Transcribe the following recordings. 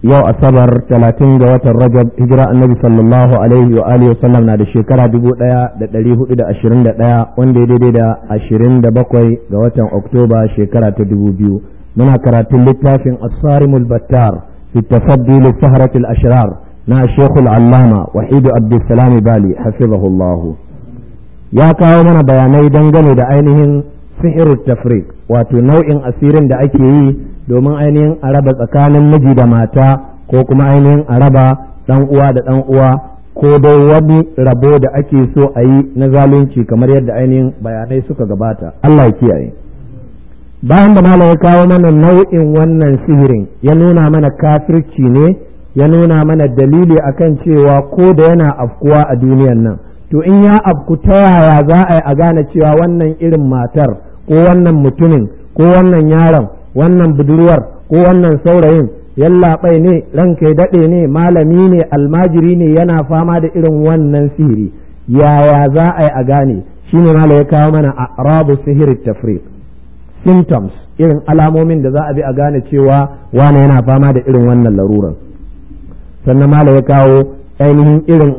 yau asabar 30 ga watan rajab hijira annabi sallallahu alaihi wa alihi wasallam na da shekara 1421 wanda ya daidai da 27 ga watan oktoba shekara ta 2000 muna karatun littafin asarimul battar fi tafaddi saharatul ashrar na shekul allama wahidu abdulsalam bali hafizahullahu ya kawo mana bayanai dangane da ainihin sihirut tafriq wato nau'in asirin da ake yi domin ainihin a raba tsakanin miji da mata ko kuma ainihin a raba ɗan uwa da ɗan uwa ko dai wani rabo da ake so a yi na zalunci kamar yadda ainihin bayanai suka gabata Allah ya kiyaye bayan da malam ya kawo mana nau'in wannan sihirin ya nuna mana kafirci ne ya nuna mana dalili akan cewa ko da yana afkuwa a duniyan nan to in ya afku ta yaya za a yi a gane cewa wannan irin matar ko wannan mutumin ko wannan yaron wannan budurwar ko wannan saurayin yallaɓai ne ran kai daɗe ne malami ne almajiri ne yana fama da irin wannan sihiri yaya za a yi a gane shine mala ya kawo mana a rabu sihiri tafriq symptoms irin alamomin da za a bi a gane cewa wane yana fama da irin wannan laruran sannan mala ya kawo ainihin irin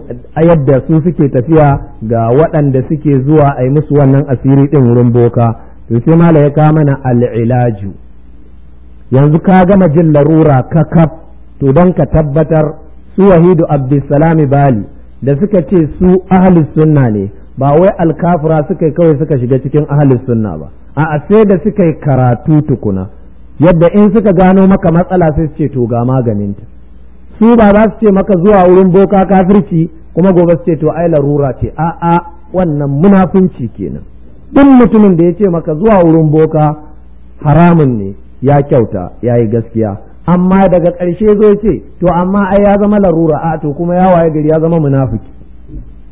yadda su suke tafiya ga waɗanda suke zuwa a yi musu wannan asiri ɗin wurin boka to sai mala ya kawo mana al'ilaju yanzu ka gama jin larura ka kaf to don ka tabbatar su wahidu abdulsalami bali da suka ce su ahalus sunna ne ba wai alkafura suka yi kawai suka shiga cikin ahalus sunna ba a sai da suka yi karatu tukuna yadda in suka gano maka matsala sai su ce to ga maganinta su ba za su ce maka zuwa wurin boka kafirci kuma gobe su ce to ai larura ce a a wannan munafunci kenan duk mutumin da ya ce maka zuwa wurin boka haramun ne ya kyauta ya yi gaskiya amma daga ƙarshe zo ce to amma ai ya zama larura a to kuma ya waye gari ya zama munafiki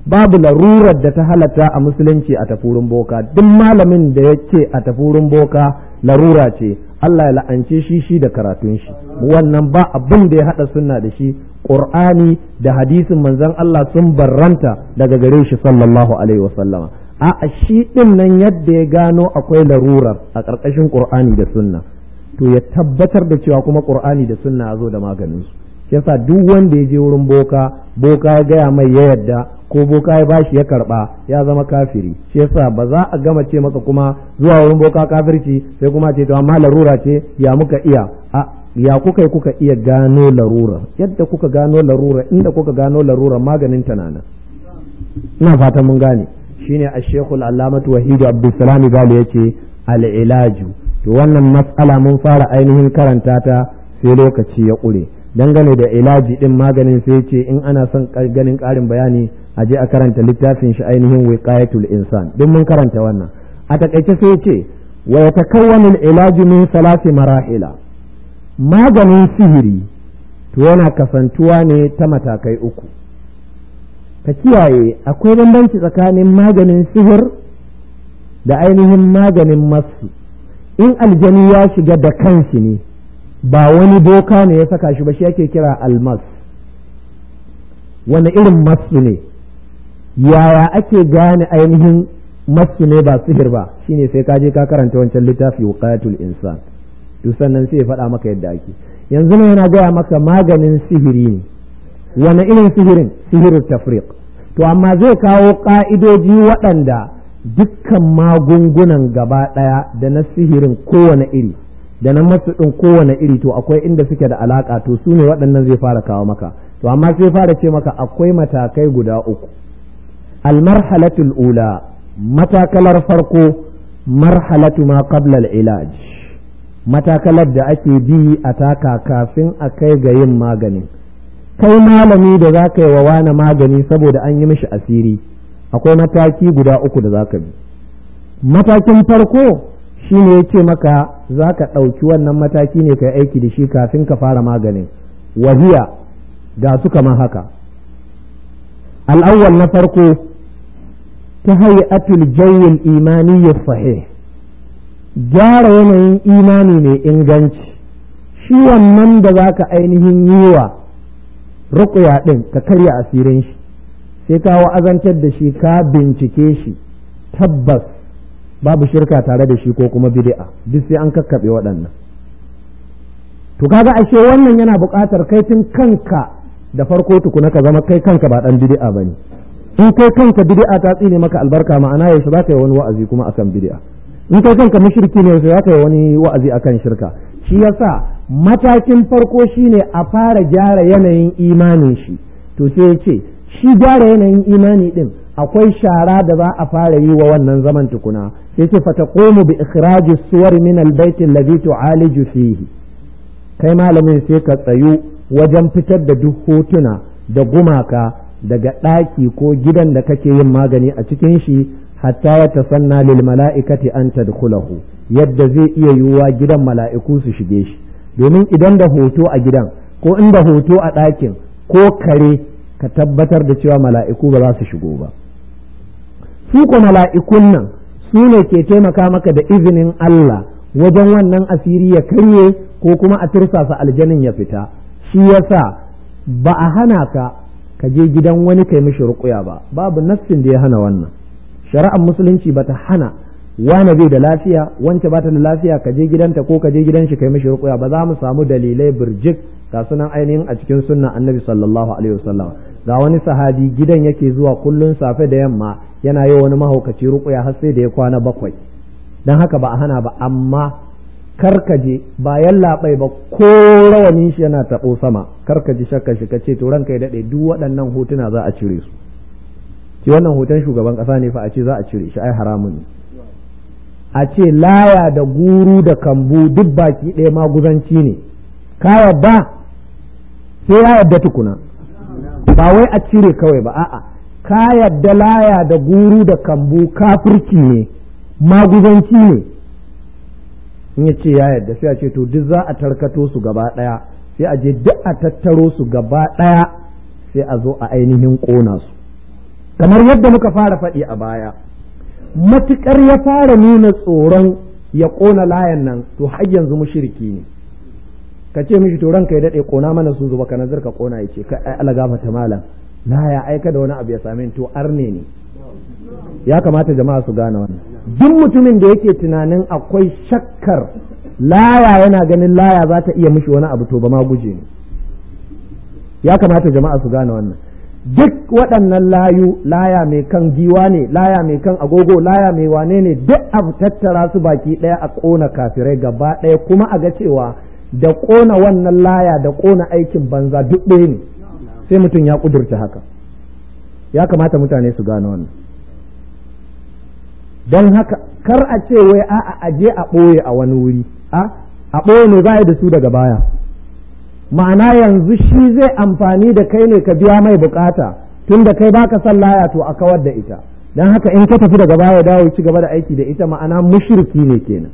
babu larurar da ta halatta a musulunci a tafurin boka duk malamin da ya ce a tafurin boka larura ce Allah ya la'ance shi shi da karatun shi wannan ba abin da ya hada sunna da shi qur'ani da hadisin manzon Allah sun barranta daga gare shi sallallahu alaihi sallama a shi din nan yadda ya gano akwai larurar a ƙarƙashin qur'ani da sunna to ya tabbatar da cewa kuma qur'ani da sunna ya zo da maganin su yasa duk wanda ya je wurin boka boka ya gaya mai ya yadda ko boka ya bashi ya karba ya zama kafiri shi yasa ba za a gama ce maka kuma zuwa wurin boka kafirci sai kuma ce to amma larura ce ya muka iya a ya kuka kuka iya gano larura yadda kuka gano larura inda kuka gano larura maganin ta nana ina fatan mun gane shine a shekul allamatu wahidu abdulsalam gali yace al-ilaju to wannan matsala mun fara ainihin karanta ta sai lokaci ya ƙure dangane da ilaji din maganin sai ce in ana son ganin ƙarin bayani a je a karanta littafin shi ainihin wiqayatul insan duk mun karanta wannan a takaice sai ce wa yatakawwanu ilaji min salasi marahila maganin sihiri to yana kasantuwa ne ta matakai uku ka kiyaye akwai bambanci tsakanin maganin sihir da ainihin maganin masu in aljani ya shiga da kanshi ne ba wani boka ne ya saka shi ba shi yake kira almas wani irin masu ne yaya ake gane ainihin masu ne ba sihir ba shine sai ka je ka karanta wancan littafi wuqatul insan to sannan sai ya faɗa maka yadda ake yanzu ne yana gaya maka maganin sihiri ne wani irin sihirin sihirin tafriq to amma zai kawo ka'idoji waɗanda dukkan magungunan gaba ɗaya da na sihirin kowane iri da na masuɗin kowane iri to akwai inda suke da alaƙa to su ne waɗannan zai fara kawo maka to amma sai fara ce maka akwai matakai guda uku almarhalatul ula matakalar farko marhalatu ma qabla al matakalar da ake bi a taka kafin a kai ga yin maganin kai malami da za ka yi wa wani magani saboda an yi mishi asiri akwai mataki guda uku da za ka bi matakin farko shi ne ya ce maka za ka ɗauki wannan mataki ne yi aiki da shi kafin ka fara maganin wahiya da su kamar haka al'awwal na farko ta atul jawil imani ya fahe gyara yanayin imani mai inganci shi wannan da za ka ainihin yi wa rukuya ɗin ka karya asirin shi sai ka wa'azantar da shi ka bincike shi tabbas babu shirka tare da shi ko kuma bid'a duk sai an kakkaɓe waɗannan to kaga ashe wannan yana buƙatar kai tun kanka da farko tukuna ka zama kai kanka ba ɗan bid'a bane in kai kanka bid'a ta tsine maka albarka ma'ana yaushe za ka yi wani wa'azi kuma akan bid'a in kai kanka mushriki ne za ka yi wani wa'azi akan shirka shi yasa matakin farko shine a fara gyara yanayin imanin shi to sai ya ce shi gyara yanayin imani din akwai shara da za a fara yi wa wannan zaman tukuna sai fata fataqumu bi ikhraji suwar min albayt alladhi tu'aliju fihi kai malamin sai ka tsayu wajen fitar da duk hotuna da gumaka daga ɗaki ko gidan da kake yin magani a cikin shi hatta ya tasanna lil mala'ikati an tadkhulahu yadda zai iya yiwuwa gidan mala'iku su shige shi domin idan da hoto a gidan ko inda hoto a ɗakin ko kare ka tabbatar da cewa mala'iku ba za su shigo ba su ko mala'ikun nan su ne ke taimaka maka da izinin Allah wajen wannan asiri ya karye ko kuma a tursasa aljanin ya fita shi ya sa ba a hana ka ka je gidan wani kai mishi ruƙuya ba babu nassin da ya hana wannan shari'ar musulunci ba ta hana wane bai da lafiya wance ba ta da lafiya ka je gidanta ko ka je gidan shi kai mishi ruqya ba za mu samu dalilai birjik ga sunan ainihin a cikin sunna annabi sallallahu alaihi wasallam ga wani sahabi gidan yake zuwa kullun safe da yamma yana yi wani mahaukaci ruqya har sai da ya kwana bakwai dan haka ba a hana ba amma karkaje bayan labai ba ko rawanin shi yana taɓo sama karkaje shakka shi kace to ranka ya dade duk waɗannan hotuna za a cire su ki wannan hoton shugaban ƙasa ne fa a ce za a cire shi ai haramun ne a ce laya da guru da kambu duk baki ɗaya maguzanci ne kawa ba sai ya yadda tukuna ba wai a cire kawai ba a'a ka yadda laya da guru da kambu kafirci ne maguzanci ne in ya ce ya yadda sai a ce to duk za a tarkato su gaba ɗaya sai a je duk a tattaro su gaba ɗaya sai a zo a ainihin ƙona su kamar yadda muka fara faɗi a baya matuƙar ya fara nuna tsoron ya ƙona layan nan to har yanzu mushriki ne ka ce mishi to ranka ya daɗe ƙona mana su zuba kana zirka ƙona ya ce ka ala gafata malam na ya aika da wani abu ya same to arne ne ya kamata jama'a su gane wannan duk mutumin da yake tunanin akwai shakkar laya yana ganin laya za ta iya mishi wani abu to ba ma guje ne ya kamata jama'a su gane wannan duk waɗannan layu laya mai kan giwa ne laya mai kan agogo laya mai wane ne duk a tattara su baki ɗaya a ƙona kafirai gaba ɗaya kuma a ga cewa da ƙona wannan laya da ƙona aikin banza duk ɗaya ne sai mutum ya ƙudurta haka ya kamata mutane su gane wannan don haka kar a ce wai a'a aje a ɓoye a wani wuri a ɓoye ne za a yi da su daga baya ma'ana yanzu shi zai amfani da kai ne ka biya mai bukata tun da kai baka son laya to a kawar da ita don haka in ka tafi daga baya dawo ci gaba da aiki da ita ma'ana mushriki ne kenan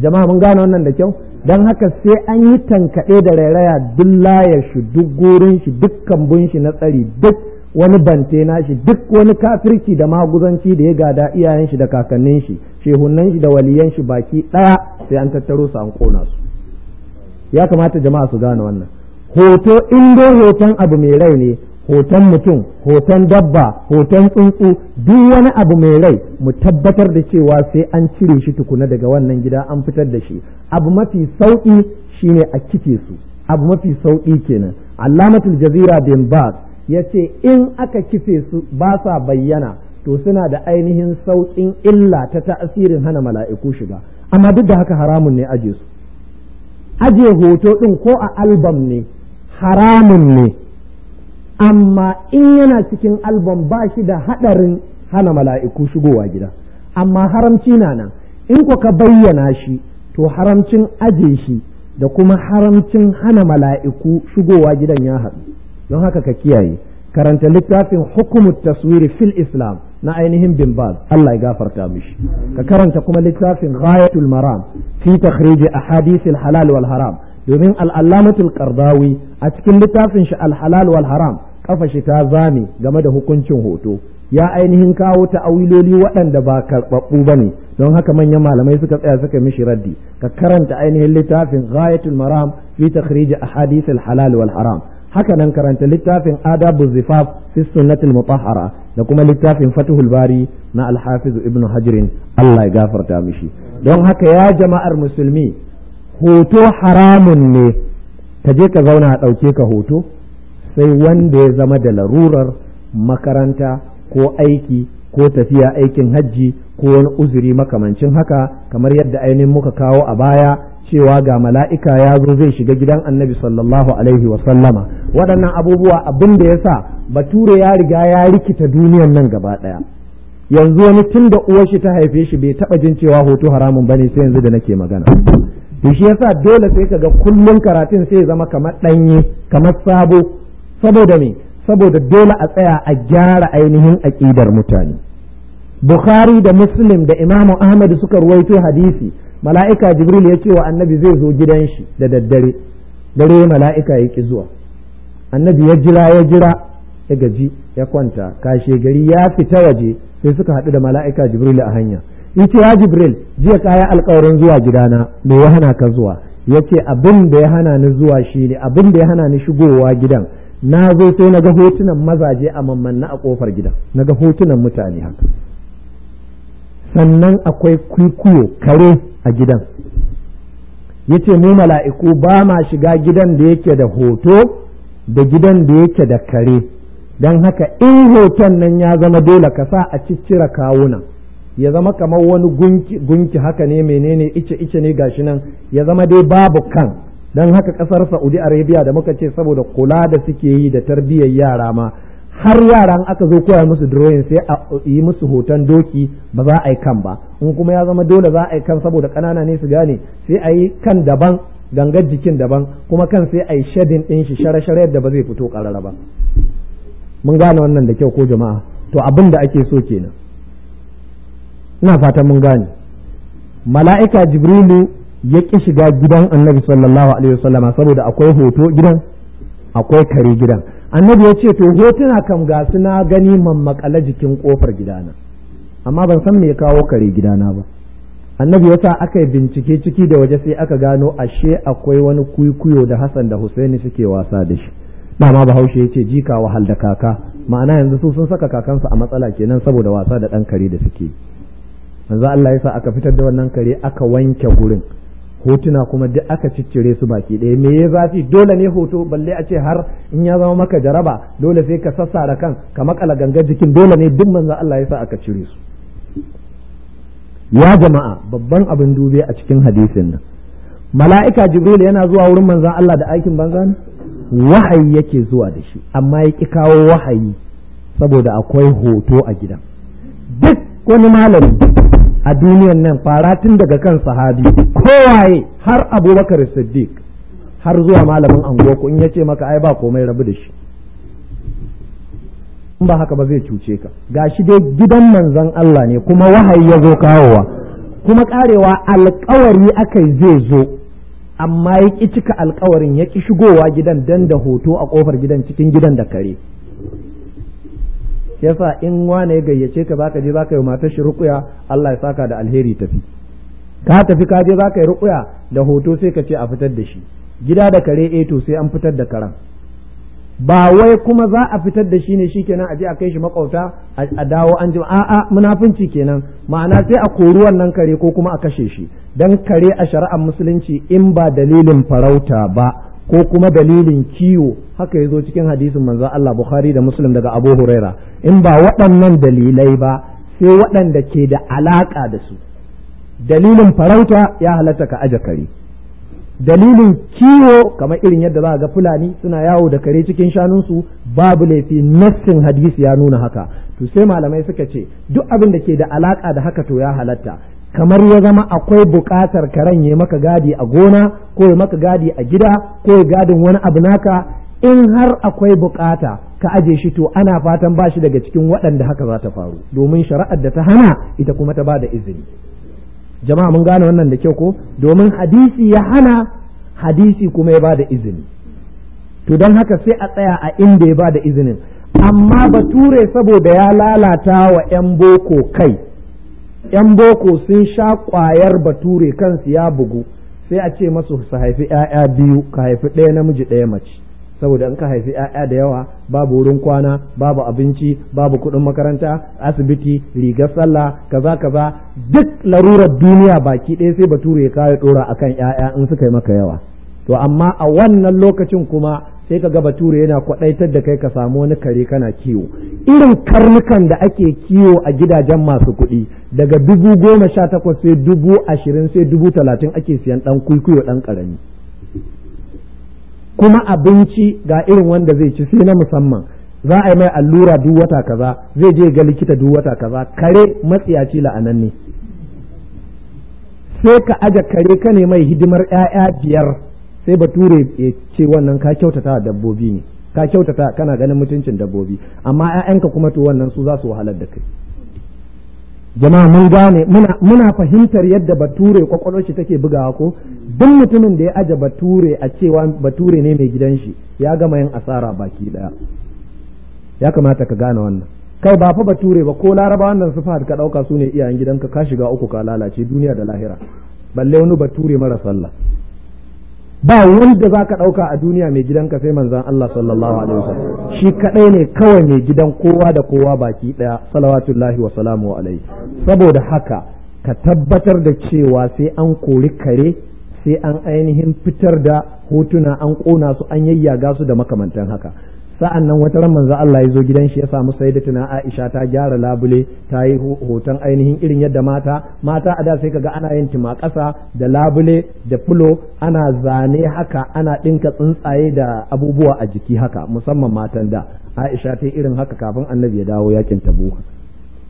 jama'a mun gane wannan da kyau don haka sai an yi tankaɗe da rairaya duk layar shi duk gurin shi duk kambun shi na tsari duk wani bante na shi duk wani kafirci da maguzanci da ya gada iyayen shi da kakannin shi shehunan shi da waliyan shi baki ɗaya sai an tattaro su an ƙona su ya kamata jama'a su gane wannan hoto indo hoton abu mai rai ne hoton mutum hoton dabba hoton tsuntsu duk wani abu mai rai mu tabbatar da cewa sai an cire shi tukuna daga wannan gida an fitar da shi abu mafi sauƙi shine a kike su abu mafi sauƙi kenan allamatul jazira bin bas ya ce in aka kife su ba sa bayyana to suna da ainihin sauƙin illa ta ta'asirin hana mala'iku shiga amma duk da haka haramun ne aje su aje hoto ɗin ko a albam ne haramun ne amma in yana cikin albam ba shi da haɗarin hana mala'iku shigowa gida amma haramci na nan in ku ka bayyana shi to haramcin aje shi da kuma haramcin hana mala'iku shigowa gidan ya haɗu don haka ka kiyaye karanta littafin hukumut taswiri fil islam na ainihin bin baz Allah ya gafarta mishi ka karanta kuma littafin ghayatul maram fi takhrij ahadith al halal wal haram domin al allamatul qardawi a cikin littafin shi al halal wal haram kafa shi ta zame game da hukuncin hoto ya ainihin kawo ta'awiloli waɗanda ba karɓaɓɓu ba don haka manyan malamai suka tsaya suka mishi raddi ka karanta ainihin littafin ghayatul maram fi takhrij ahadith al halal wal haram haka nan karanta littafin adabu zifaf fi sunnatul mutahhara da kuma littafin fatuhul bari na alhafiz ibnu hajrin Allah ya gafarta mishi don haka ya jama'ar musulmi hoto haramun ne ka je ka zauna a ɗauke ka hoto sai wanda ya zama da larurar makaranta ko aiki ko tafiya aikin hajji ko wani uzuri makamancin haka kamar yadda ainihin muka kawo a baya cewa ga mala'ika ya zo zai shiga gidan annabi sallallahu alaihi wasallama waɗannan abubuwa abin da ya sa bature ya riga ya rikita duniyan nan gaba ɗaya yanzu wani tun da uwar shi ta haife shi bai taɓa jin cewa hoto haramun bane sai yanzu da nake magana da shi yasa dole sai kaga kullum karatun sai zama kamar ɗanye kamar sabo saboda me saboda dole a tsaya a gyara ainihin aƙidar mutane bukhari da muslim da imamu ahmad suka ruwaito hadisi mala'ika jibril ya ce wa annabi zai zo gidan shi da daddare dare mala'ika ya ki zuwa annabi ya jira ya jira ya gaji ya kwanta kashe gari ya fita waje sai suka haɗu da mala'ika jibril a hanya ce ya jibril jiya kaya alƙawarin zuwa gidana do ya hana ka zuwa yace abin da ya hana ni zuwa shine abin da ya hana ni shigowa gidan na zo sai na ga hotunan mazaje a mammanna a kofar gidan na ga hotunan mutane haka sannan akwai kwikwiyo kare a gidan yace mu mala'iku ba ma shiga gidan da yake da hoto da gidan da yake da kare don haka in hoton nan ya zama dole ka sa a ciccira kawuna ya zama kamar wani gunki, gunki haka ne menene ice ice ne gashi nan ya zama dai babu kan don haka kasar saudi arabia da muka ce saboda kula da suke yi da tarbiyyar yara ma har yaran aka zo koya musu drawing sai a yi musu hoton doki ba za a yi kan ba in kuma ya zama dole za a yi kan saboda kanana ne su gane sai a yi kan daban gangar jikin daban kuma kan sai a yi shadin din shi shara shara yadda ba zai fito karara ba mun gane wannan da kyau ko jama'a to abin da ake so kenan ina fatan mun gane mala'ika jibrilu ya ki shiga gidan annabi sallallahu alaihi wasallama saboda akwai hoto gidan akwai kare gidan annabi ya ce to hotuna kan ga su na gani makala jikin kofar gidana amma ban san me ya kawo kare gidana ba annabi ya sa aka yi bincike ciki da waje sai aka gano ashe akwai wani kuikuyo da hassan da husaini suke wasa da shi dama bahaushe ya ce jika wahal da kaka ma'ana yanzu su sun saka kakansu a matsala kenan saboda wasa da ɗan kare da suke yanzu Allah ya sa aka fitar da wannan kare aka wanke gurin hotuna kuma duk aka ciccire su baki ɗaya me ya zafi dole ne hoto balle a ce har in ya zama maka jaraba dole sai ka sassara kan ka makala ganga jikin dole ne duk manzon Allah ya sa aka cire su ya jama'a babban abin dube a cikin hadisin nan mala'ika jibril yana zuwa wurin manzon Allah da aikin banza ne wahayi yake zuwa da shi amma ya ki kawo wahayi saboda akwai hoto a gidan duk wani malami a duniyan nan fara tun daga kan sahabi kowaye har abubakar siddiq har zuwa malamin ku in ya ce maka ai ba komai rabu da shi in ba haka ba zai cuce ka ga shi dai gidan manzon Allah ne kuma wahayi ya zo kawowa kuma karewa alkawari aka zai zo amma ya ƙi cika alkawarin ya ƙi shigowa gidan dan da hoto a ƙofar gidan cikin gidan da kare yasa in wane ya gayyace ka zaka je zaka yi matar shi rukuya Allah ya saka da alheri tafi ka tafi ka je zaka yi rukuya da hoto sai ka ce a fitar da shi gida da kare eh to sai an fitar da karan ba wai kuma za a fitar da shi ne shikenan a je a kai shi makauta a dawo an ji a'a munafunci kenan ma'ana sai a kori wannan kare ko kuma a kashe shi dan kare a shari'ar musulunci in ba dalilin farauta ba ko kuma dalilin ciwo haka ya zo cikin hadisin manzon Allah Bukhari da Muslim daga Abu Huraira in ba waɗannan dalilai ba sai waɗanda ke da alaƙa da su dalilin farauta ya halatta ka aje kare dalilin kiwo kamar irin yadda za a ga fulani suna yawo da kare cikin shanunsu babu laifi nassin hadisi ya nuna haka to sai malamai suka ce duk abin da ke da alaƙa da haka to ya halatta kamar ya zama akwai buƙatar karen ya maka gadi a gona ko ya maka gadi a gida ko ya gadin wani abu naka in har akwai buƙata ka aje shi to ana fatan ba shi daga cikin waɗanda haka za ta faru domin shari'ar da ta hana ita kuma ta ba da izini jama'a mun gane wannan da kyau ko domin hadisi ya hana hadisi kuma ya ba da izini to don haka sai a tsaya a inda ya ba da izinin amma bature saboda ya lalata wa 'yan boko kai 'yan boko sun sha ƙwayar bature kansu ya bugu sai a ce masu su haifi 'ya'ya biyu ka haifi ɗaya namiji ɗaya mace saboda in ka haifi 'ya'ya da yawa babu wurin kwana babu abinci babu kuɗin makaranta asibiti rigar sallah kaza kaza duk larurar duniya baki ɗaya sai bature ya kawo ɗora akan 'ya'ya in suka yi maka yawa to amma a wannan lokacin kuma sai ka ga bature yana kwaɗaitar da kai ka samu wani kare kana kiwo irin karnukan da ake kiwo a gidajen masu kuɗi daga dubu goma sha takwas sai dubu ashirin sai dubu talatin ake siyan ɗan kwikwiyo ɗan ƙarami kuma abinci ga irin wanda zai ci sai na musamman za a yi mai allura duk wata kaza zai je ga likita duk wata kaza kare matsiyaci la'ananne sai ka aja kare ka ne mai hidimar 'ya'ya biyar sai bature ya ce wannan ka kyautata dabbobi ne ka kyautata kana ganin mutuncin dabbobi amma ƴaƴanka kuma to wannan su za su wahalar da kai jama'a mun gane muna fahimtar yadda bature kwakwalwar shi take bugawa ko duk mutumin da ya aje bature a cewa bature ne mai gidan shi ya gama yin asara baki daya ya kamata ka gane wannan kai ba fa bature ba ko laraba wannan su ka dauka su ne iyayen gidanka ka shiga uku ka lalace duniya da lahira balle wani bature mara sallah ba wanda za ka ɗauka a duniya mai gidan ka sai manzan Allah sallallahu alaihi wasallam shi kaɗai ne kawai mai gidan kowa da kowa baki ɗaya salawatullahi wa salamu alaihi saboda haka ka tabbatar da cewa sai an kori kare sai an ainihin fitar da hotuna an ƙona su an yayyaga su da makamantan haka sa'an nan wata ran manzo Allah ya zo gidan shi ya samu da tuna Aisha ta gyara labule ta yi hoton ainihin irin yadda mata mata a da sai kaga ana yin tuma ƙasa da labule da fulo ana zane haka ana ɗinka tsuntsaye da abubuwa a jiki haka musamman matan da Aisha ta irin haka kafin Annabi ya dawo yakin Tabuk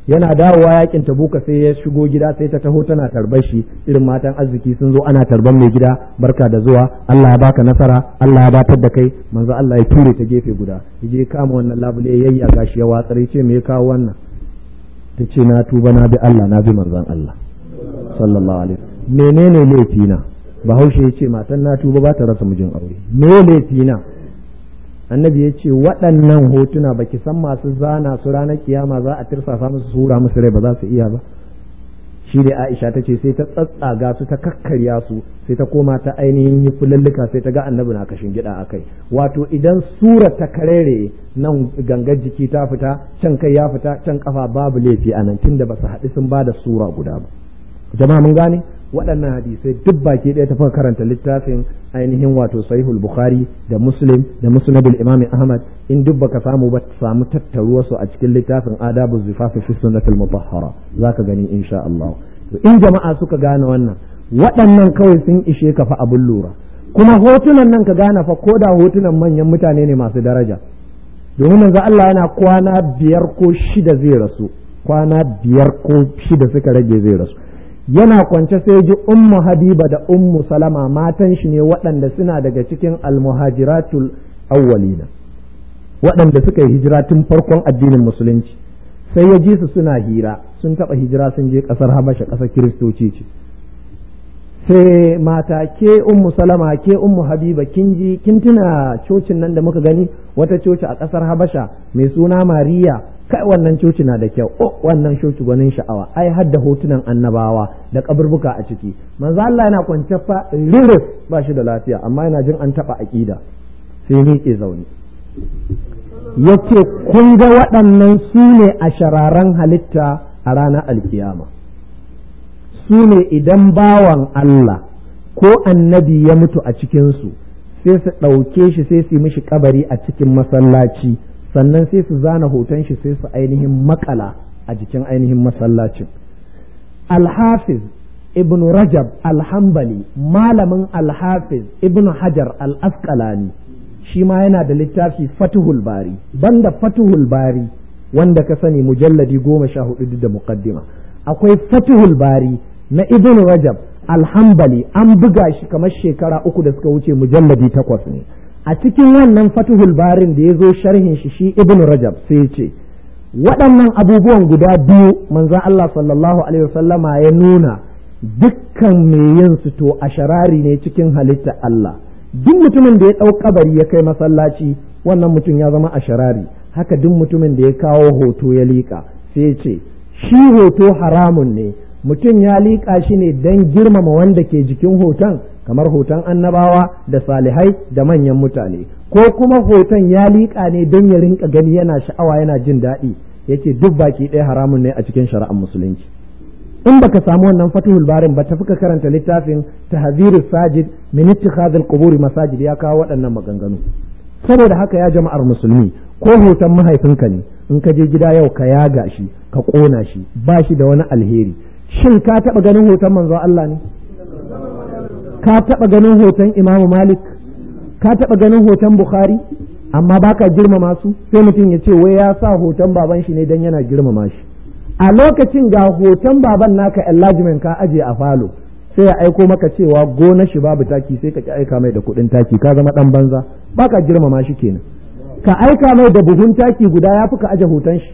yana dawowa yakin tabuka sai ya shigo gida sai ta taho tana tarbar shi irin matan arziki sun zo ana tarbar mai gida barka da zuwa Allah ya baka nasara Allah ya batar da kai manzo Allah ya ture ta gefe guda je kama wannan labule yayya gashi ya watsare ce me ya kawo wannan ta ce na tuba na bi Allah na bi manzon Allah sallallahu alaihi menene laifina bahaushe ya ce matan na tuba ba ta rasa mijin aure me laifina annabi ya ce waɗannan hotuna baki san masu zana su ranar kiyama za a tirsasa musu sura musu rai ba za su iya ba shi da aisha ta ce sai ta tsatsaga su ta kakkarya su sai ta koma ta ainihin yi kulallika sai ta ga annabi na kashin gida a kai wato idan sura ta karere nan gangar jiki ta fita can kai ya fita can kafa babu laifi a nan tunda ba su haɗu sun ba da sura guda ba jama'a mun gane waɗannan hadisai duk baki ɗaya tafi karanta littafin ainihin wato sahihul bukhari da muslim da musnadul imami ahmad in duk baka samu ba samu tattaruwa su a cikin littafin adabu zifafi fi sunnatul mutahhara zaka gani insha Allah to in jama'a suka gane wannan waɗannan kawai sun ishe ka fa abun lura kuma hotunan nan ka gane fa ko da hotunan manyan mutane ne masu daraja domin manzo Allah yana kwana biyar ko shida zai rasu kwana biyar ko shida suka rage zai rasu yana kwance sai ji ummu habiba da ummu salama matan shi ne waɗanda suna daga cikin almuhajiratul awwalina waɗanda suka yi hijira tun farkon addinin musulunci sai ya ji su suna hira sun taɓa hijira sun je ƙasar habasha ƙasar kiristoci ce sai mata ke ummu salama ke ummu habiba kin ji kin tuna cocin nan da muka gani wata coci a kasar habasha mai suna mariya kai wannan coci na da kyau oh wannan coci gwanin sha'awa ai har da hotunan annabawa da kaburbuka a ciki manzo Allah yana kwance fa ririf ba shi da lafiya amma yana jin an taba aqida sai miƙe zaune yace kun ga waɗannan su ne a shararan halitta a ranar alkiyama su ne idan bawan Allah ko annabi ya mutu a cikinsu sai su ɗauke shi sai su yi mishi kabari a cikin masallaci sannan sai su zana hoton shi sai su ainihin makala a jikin ainihin masallacin alhafiz ibn rajab alhambali malamin alhafiz ibn hajar al askalani shi ma yana da littafi fatuhul bari banda fatuhul bari wanda ka sani mujalladi goma sha hudu da muqaddima akwai fatuhul bari na ibn rajab alhambali an buga shi kamar shekara uku da suka wuce mujalladi takwas ne a cikin wannan fatuhul barin da ya zo sharhin shi shi ibn rajab sai ce waɗannan abubuwan guda biyu manzon Allah sallallahu alaihi wasallama ya nuna dukkan mai yin su to a sharari ne cikin halitta Allah duk mutumin da ya ɗau kabari ya kai masallaci wannan mutum ya zama a sharari haka duk mutumin da ya kawo hoto ya liƙa sai ya ce shi hoto haramun ne mutum ya liƙa shi ne don girmama wanda ke jikin hoton kamar hoton annabawa da salihai da manyan mutane ko kuma hoton ya liƙa ne don ya rinka gani yana sha'awa yana jin daɗi yace duk baki ɗaya haramun ne a cikin shari'ar musulunci in baka samu wannan fatihul barin ba tafi ka karanta littafin tahzirus sajid min ittikhadhil qubur masajid ya kawo waɗannan maganganu saboda haka ya jama'ar musulmi ko hoton mahaifinka ne in ka je gida yau ka yaga shi ka ƙona shi ba shi da wani alheri shin ka taɓa ganin hoton manzo Allah ne ka taɓa ganin hoton imamu malik ka taɓa ganin hoton bukhari amma baka girmama su sai mutum ya ce wai ya sa hoton baban shi ne dan yana girmama shi a lokacin ga hoton baban naka enlargement ka aje a falo sai ya aiko maka cewa gona shi babu taki sai ka ki aika mai da kuɗin taki ka zama ɗan banza baka girmama shi kenan ka aika mai da buhun taki guda ya fi ka aje hoton shi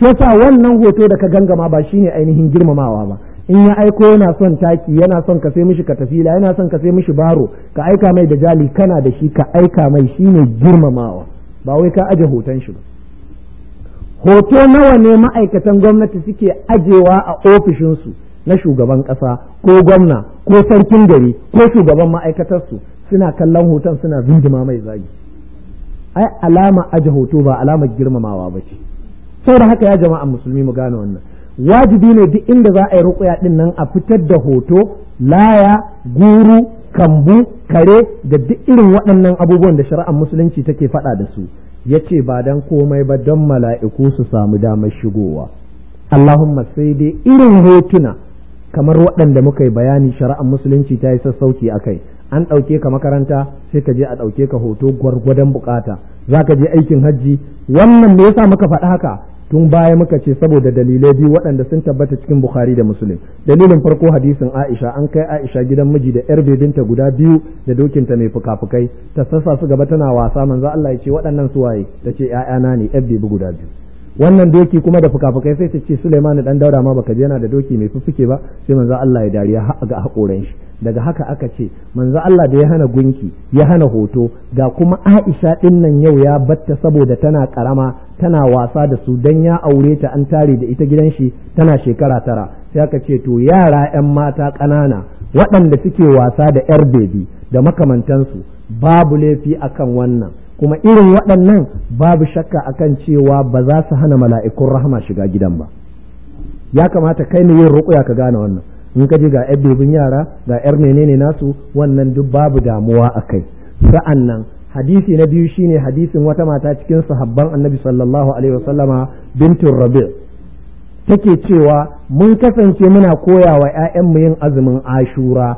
yasa wannan hoto da ka gangama ba shine ainihin girmamawa ba in ya aiko yana son taki yana son ka sai mishi katafila yana son ka sai mishi baro ka aika mai da jali kana da shi ka aika mai shine girmamawa ba wai ka aje hoton shi ba hoto nawa ne ma'aikatan gwamnati suke ajewa a ofishinsu na shugaban ƙasa ko gwamna ko sarkin gari ko shugaban ma'aikatarsu suna kallon hoton suna zindima mai zagi ai alama aje hoto ba alamar girmamawa ba ce saboda haka ya jama'an musulmi mu gane wannan wajibi ne duk inda za a yi ruƙuya din nan a fitar da hoto laya guru kambu kare da duk irin waɗannan abubuwan da shari'ar musulunci take faɗa da su ya ce ba don komai ba don mala'iku su samu damar shigowa Allahumma sai dai irin hotuna kamar waɗanda muka yi bayani shari'ar musulunci ta yi sassauci a kai an ɗauke ka makaranta sai ka je a ɗauke ka hoto gwargwadon bukata za ka je aikin hajji wannan me yasa muka faɗi haka tun baya muka ce saboda dalilai biyu waɗanda sun tabbata cikin bukhari da muslim dalilin farko hadisin aisha an kai aisha gidan miji da yar bebinta guda biyu da dokinta mai fuka-fukai ta sassa su gaba tana wasa manzo Allah ya ce waɗannan suwaye ta ce ‘ya'yana ne yar bebi guda biyu wannan doki kuma da fukafukai sai ta ce suleiman dan Dauda ma baka je yana da doki mai fuffuke ba sai manzo Allah ya dariya haɗa ga hakoran shi daga haka aka ce manzo Allah da ya hana gunki ya hana hoto ga kuma Aisha din nan yau ya batta saboda tana karama tana wasa da su dan ya aure ta an tare da ita gidan shi tana shekara tara sai aka ce to yara yan mata ƙanana waɗanda suke wasa da yar bebi da makamantansu babu laifi akan wannan kuma irin waɗannan babu shakka a kan cewa ba za su hana mala'ikun rahama shiga gidan ba ya kamata kai ne yin ruƙuya ka gane wannan in ka je ga yar dubin yara ga yar menene nasu wannan duk babu damuwa a kai sa'an hadisi na biyu shine hadisin wata mata cikin sahabban annabi sallallahu alaihi wasallama bintun rabi take cewa mun kasance muna koya wa 'ya'yanmu yin azumin ashura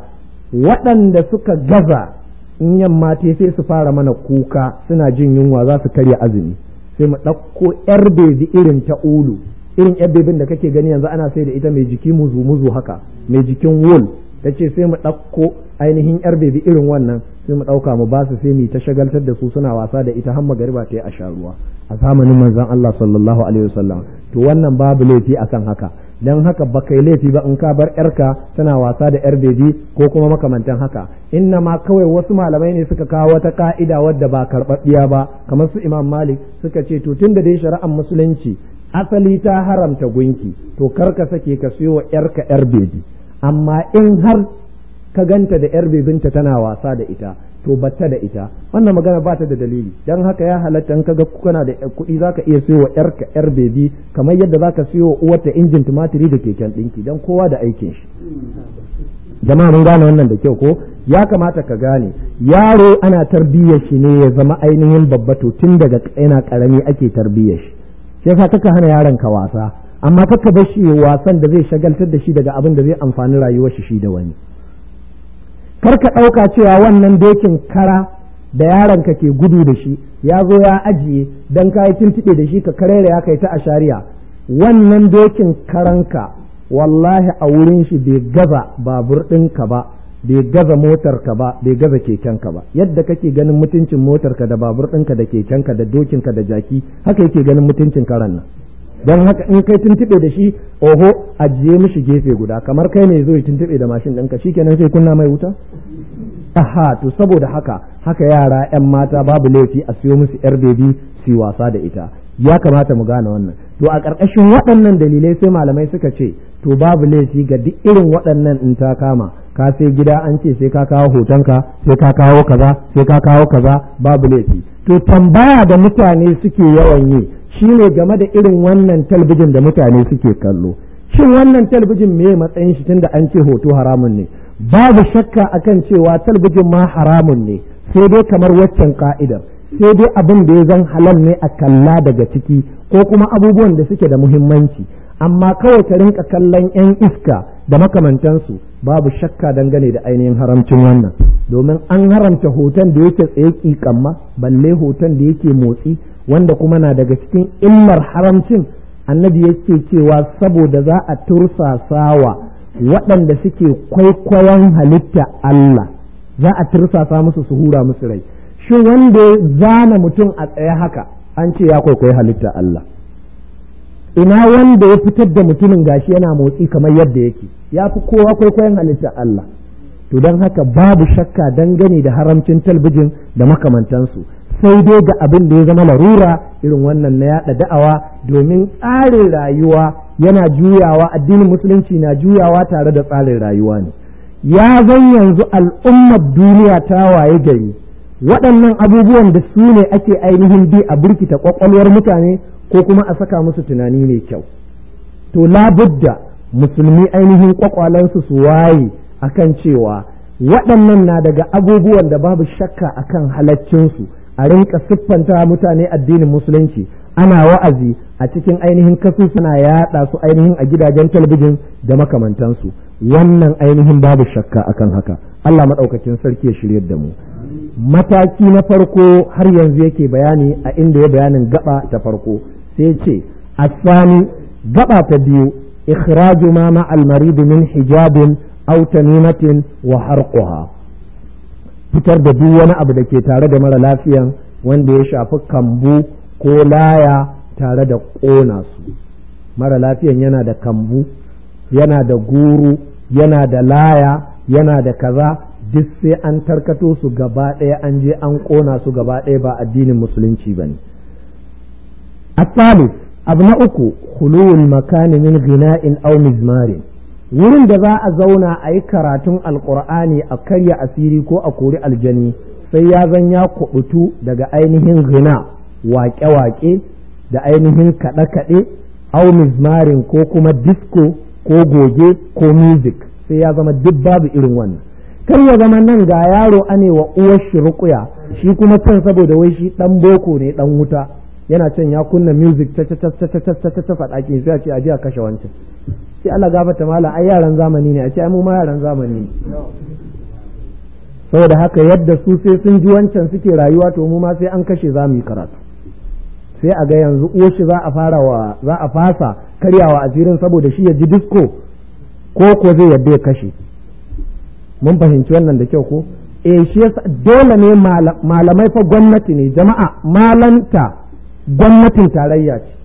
waɗanda suka gaza in yamma te sai su fara mana kuka suna jin yunwa za su karya azumi sai mu ɗauko yar bebi irin ta ulu irin yar bebin da kake gani yanzu ana sai da ita mai jiki muzu muzu haka mai jikin wool ta sai mu ɗauko ainihin yar bebi irin wannan sai mu ɗauka mu basu sai mu ta shagaltar da su suna wasa da ita har magariba ta yi a sha ruwa a zamanin manzon Allah sallallahu alaihi wasallam to wannan babu laifi akan haka dan haka ba kai laifi ba in ka bar yarka tana wasa da yar bebi ko kuma makamantan haka inna ma kawai wasu malamai ne suka kawo wata ka'ida wadda ba karɓaɓɓiya ba kamar su imam malik suka ce to tun da dai shari'ar musulunci asali ta haramta gunki to kar ka sake ka siyo wa yarka yar bebi amma in har ka ganta da yar bebinta tana wasa da ita to batta da ita wannan magana ba ta da dalili dan haka ya halatta in kaga kana da kuɗi zaka iya siyo wa yarka yar bebi kamar yadda zaka siyo uwarta injin tumatiri da keken ɗinki dan kowa da aikin shi jama'a mun gane wannan da kyau ko ya kamata ka gane yaro ana tarbiyyar shi ne ya zama ainihin babba to tun daga yana karami ake tarbiyyar shi shi yasa kaka hana yaron ka wasa amma kaka bar shi wasan da zai shagaltar da shi daga abin da zai amfani rayuwar shi shi da wani kar ka ɗauka cewa wannan dokin kara da ka ke gudu da shi ya zo ya ajiye don ka yi tuntuɓe da shi ka kare da ya kai ta a shari'a wannan dokin karanka wallahi a wurin shi bai gaza babur ɗinka ba bai gaza motarka ba bai gaza kekenka ba yadda kake ganin mutuncin motarka da babur ɗinka da kekenka da dokinka da jaki haka yake ganin mutuncin karan nan don haka in kai tuntube da shi oho ajiye mishi gefe guda kamar kai ne zo ya tuntube da mashin ɗinka kenan sai kunna mai wuta aha to saboda haka haka yara yan mata babu laifi a siyo musu yar bebi su wasa da ita ya kamata mu gane wannan to a ƙarƙashin waɗannan dalilai sai malamai suka ce to babu laifi ga duk irin waɗannan in ta kama ka sai gida an ce sai ka kawo hotonka sai ka kawo kaza sai ka kawo kaza babu laifi to tambaya da mutane suke yawan yi Shi ne game da irin wannan talbijin da mutane suke kallo shin wannan talbijin me matsayin shi tunda an ce hoto haramun ne babu shakka akan cewa talbijin ma haramun ne sai dai kamar waccan ka'idar sai dai abin da ya zan halal ne a kalla daga ciki ko kuma abubuwan da suke da muhimmanci amma kawai ka rinka kallon 'yan iska da makamantansu babu shakka dangane da ainihin haramcin wannan domin an haramta hoton da yake tsaye kikan ma balle hoton da yake motsi wanda kuma na daga cikin ilmar haramcin annabi yake cewa saboda za a tursasawa waɗanda suke kwaikwayon halitta Allah za a tursasa musu su hura musu rai shi wanda zana mutum a tsaye haka an ce ya kwaikwayi halitta Allah ina wanda ya fitar da mutumin gashi yana motsi kamar yadda yake ya fi kowa kwaikwayon halitta Allah to don haka babu shakka dangane da haramcin talbijin da makamantansu sai dai ga abin da ya zama larura irin wannan na yaɗa da'awa domin tsarin rayuwa yana juyawa addinin musulunci na juyawa tare da tsarin rayuwa ne ya zan yanzu al'ummar duniya ta waye gari waɗannan abubuwan da su ne ake ainihin bi a birkita ƙwaƙwalwar mutane ko kuma a saka musu tunani mai kyau to labudda musulmi ainihin ƙwaƙwalansu su waye akan cewa waɗannan na daga abubuwan da babu shakka akan halaccinsu a rinka siffanta mutane addinin musulunci ana wa'azi a cikin ainihin kasu suna yaɗa su ainihin a gidajen talabijin da makamantansu wannan ainihin babu shakka akan haka Allah maɗaukakin sarki ya shirya da mu mataki na farko har yanzu yake bayani a inda ya bayanin gaba ta farko sai ce asani gaba ta biyu ikhraju ma ma'al marid min hijabin aw tamimatin wa harquha fitar da duk wani abu da ke tare da mara lafiyan wanda ya shafi kambu ko laya tare da ƙona su mara lafiyan yana da kambu yana da guru yana da laya yana da kaza duk sai an tarkato su gaba ɗaya an je an ƙona su gaba ɗaya ba addinin musulunci ba ne a abu na uku khulul makani min in aw mizmarin wurin da za a zauna a yi karatun alkur'ani a karya asiri ko a kori aljani sai ya zan ya kubutu daga ainihin gina waƙe-waƙe da ainihin kaɗe-kaɗe au mizmarin ko kuma disco ko goge ko music sai ya zama duk babu irin wannan kar ya zama nan ga yaro ane wa uwar shi rukuya shi kuma can saboda wai shi ɗan boko ne ɗan wuta yana can ya kunna music ta ta ta ta ta ta ta ta ta ta a ce ta je a kashe wancan sai Allah gafarta mala ai yaran zamani ne a ce mu ma yaran zamani ne saboda haka yadda su sai sun ji wancan suke rayuwa to mu ma sai an kashe za mu yi karatu sai a ga yanzu uwashi za a fara wa za a fasa karyawa asirin saboda shi ya ji disko ko ko zai yadda ya kashe mun fahimci wannan da kyau ko eh shi yasa dole ne malamai fa gwamnati ne jama'a malanta gwamnatin tarayya ce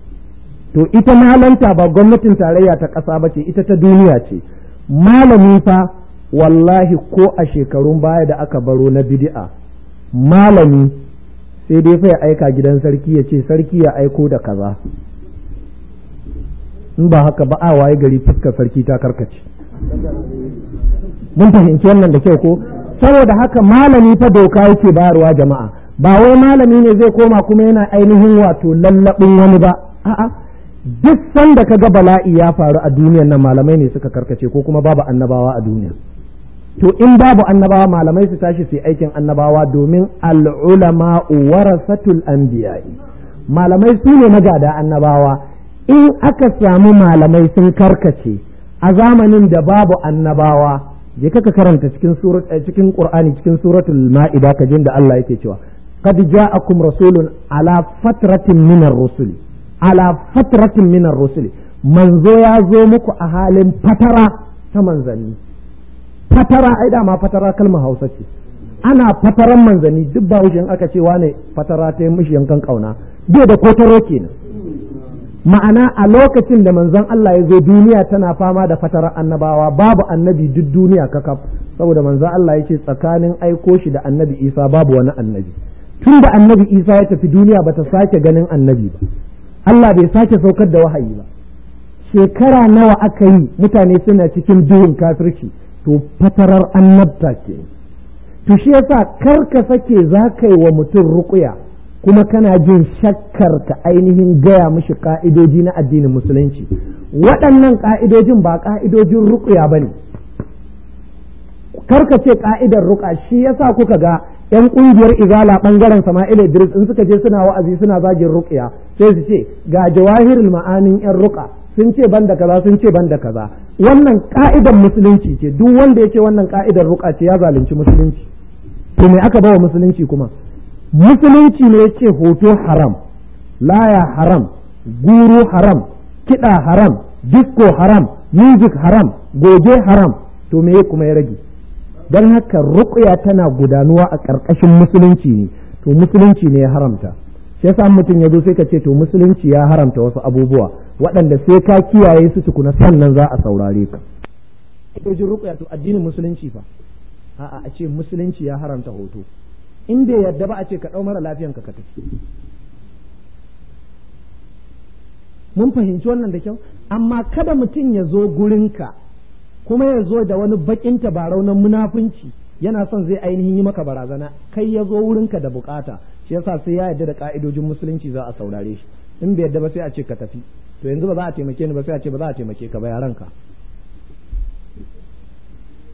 to ita malanta ba gwamnatin tarayya ta ƙasa ba ce ita ta duniya ce malami fa wallahi ko a shekarun baya da aka baro na bid'a malami sai dai fa ya aika gidan sarki ya ce sarki ya aiko da kaza in ba haka ba a waye gari fuskar sarki ta karkace mun fahimci wannan da kyau ko saboda haka malami fa doka yake bayarwa jama'a ba wai malami ne zai koma kuma yana ainihin wato lallabin wani ba a'a duk sanda ka ga bala'i ya faru a duniyar nan malamai ne suka karkace ko kuma babu annabawa a duniya to in babu annabawa malamai su tashi su yi aikin annabawa domin al'ulama warasatul anbiya'i malamai su ne magada annabawa in aka samu malamai sun karkace a zamanin da babu annabawa je kaka karanta cikin surat eh, cikin qur'ani cikin suratul ma'ida kajin da Allah yake cewa qad ja'akum rasulun ala fatratin minar rusuli ala fatratin minar rusuli manzo ya zo muku a halin fatara ta manzanni fatara ai ma fatara kalmar hausa ce ana fataran manzanni duk ba wajen aka ce wane fatara ta yi mishi yankan kauna bai da kotaro kenan ma'ana a lokacin da manzon Allah ya zo duniya tana fama da fatarar annabawa babu annabi duk duniya kakaf saboda manzon Allah ya ce tsakanin aiko shi da annabi Isa babu wani annabi tun da annabi Isa ya tafi duniya ba ta sake ganin annabi ba Allah bai sake saukar da wahayi ba shekara nawa aka yi mutane suna cikin duhun kafirci to fatarar annabta ke to shi yasa kar ka sake za yi wa mutum ruƙuya kuma kana jin shakkar ka ainihin gaya mishi ka'idoji na addinin musulunci waɗannan ka'idojin ba ka'idojin ruƙuya ba ne karka ce ka'idar ruka shi yasa kuka ga yan kungiyar igala bangaren sama'il idris in suka je suna wa'azi suna zagin ruqya sai su ce ga jawahirul ma'anin yan ruka sun ce banda kaza sun ce banda kaza wannan ka'idar musulunci ce duk wanda ya ce wannan ka'idar ruka ce ya zalunci musulunci to me aka bawa musulunci kuma musulunci ne ya ce hoto haram laya haram guru haram kiɗa haram disco haram music haram goge haram to me kuma ya rage don haka rukuya tana gudanuwa a ƙarƙashin musulunci ne to musulunci ne ya haramta sai sa mutum ya zo sai ka ce to musulunci ya haramta wasu abubuwa waɗanda sai ka kiyaye su tukuna sannan za a saurare ka sojin to addinin musulunci fa a'a a ce musulunci ya haramta hoto in bai yadda ba a ce ka ɗau mara lafiyan ka tafi mun fahimci wannan da kyau amma kada mutum ya zo gurinka kuma ya zo da wani bakin tabarau na munafunci yana son zai ainihin yi maka barazana kai ya zo wurinka da bukata shi yasa sai ya yarda da ka'idojin musulunci za a saurare shi in bai yarda ba sai a ce ka tafi to yanzu ba za a taimake ni ba sai a ce ba za a taimake ka ba yaranka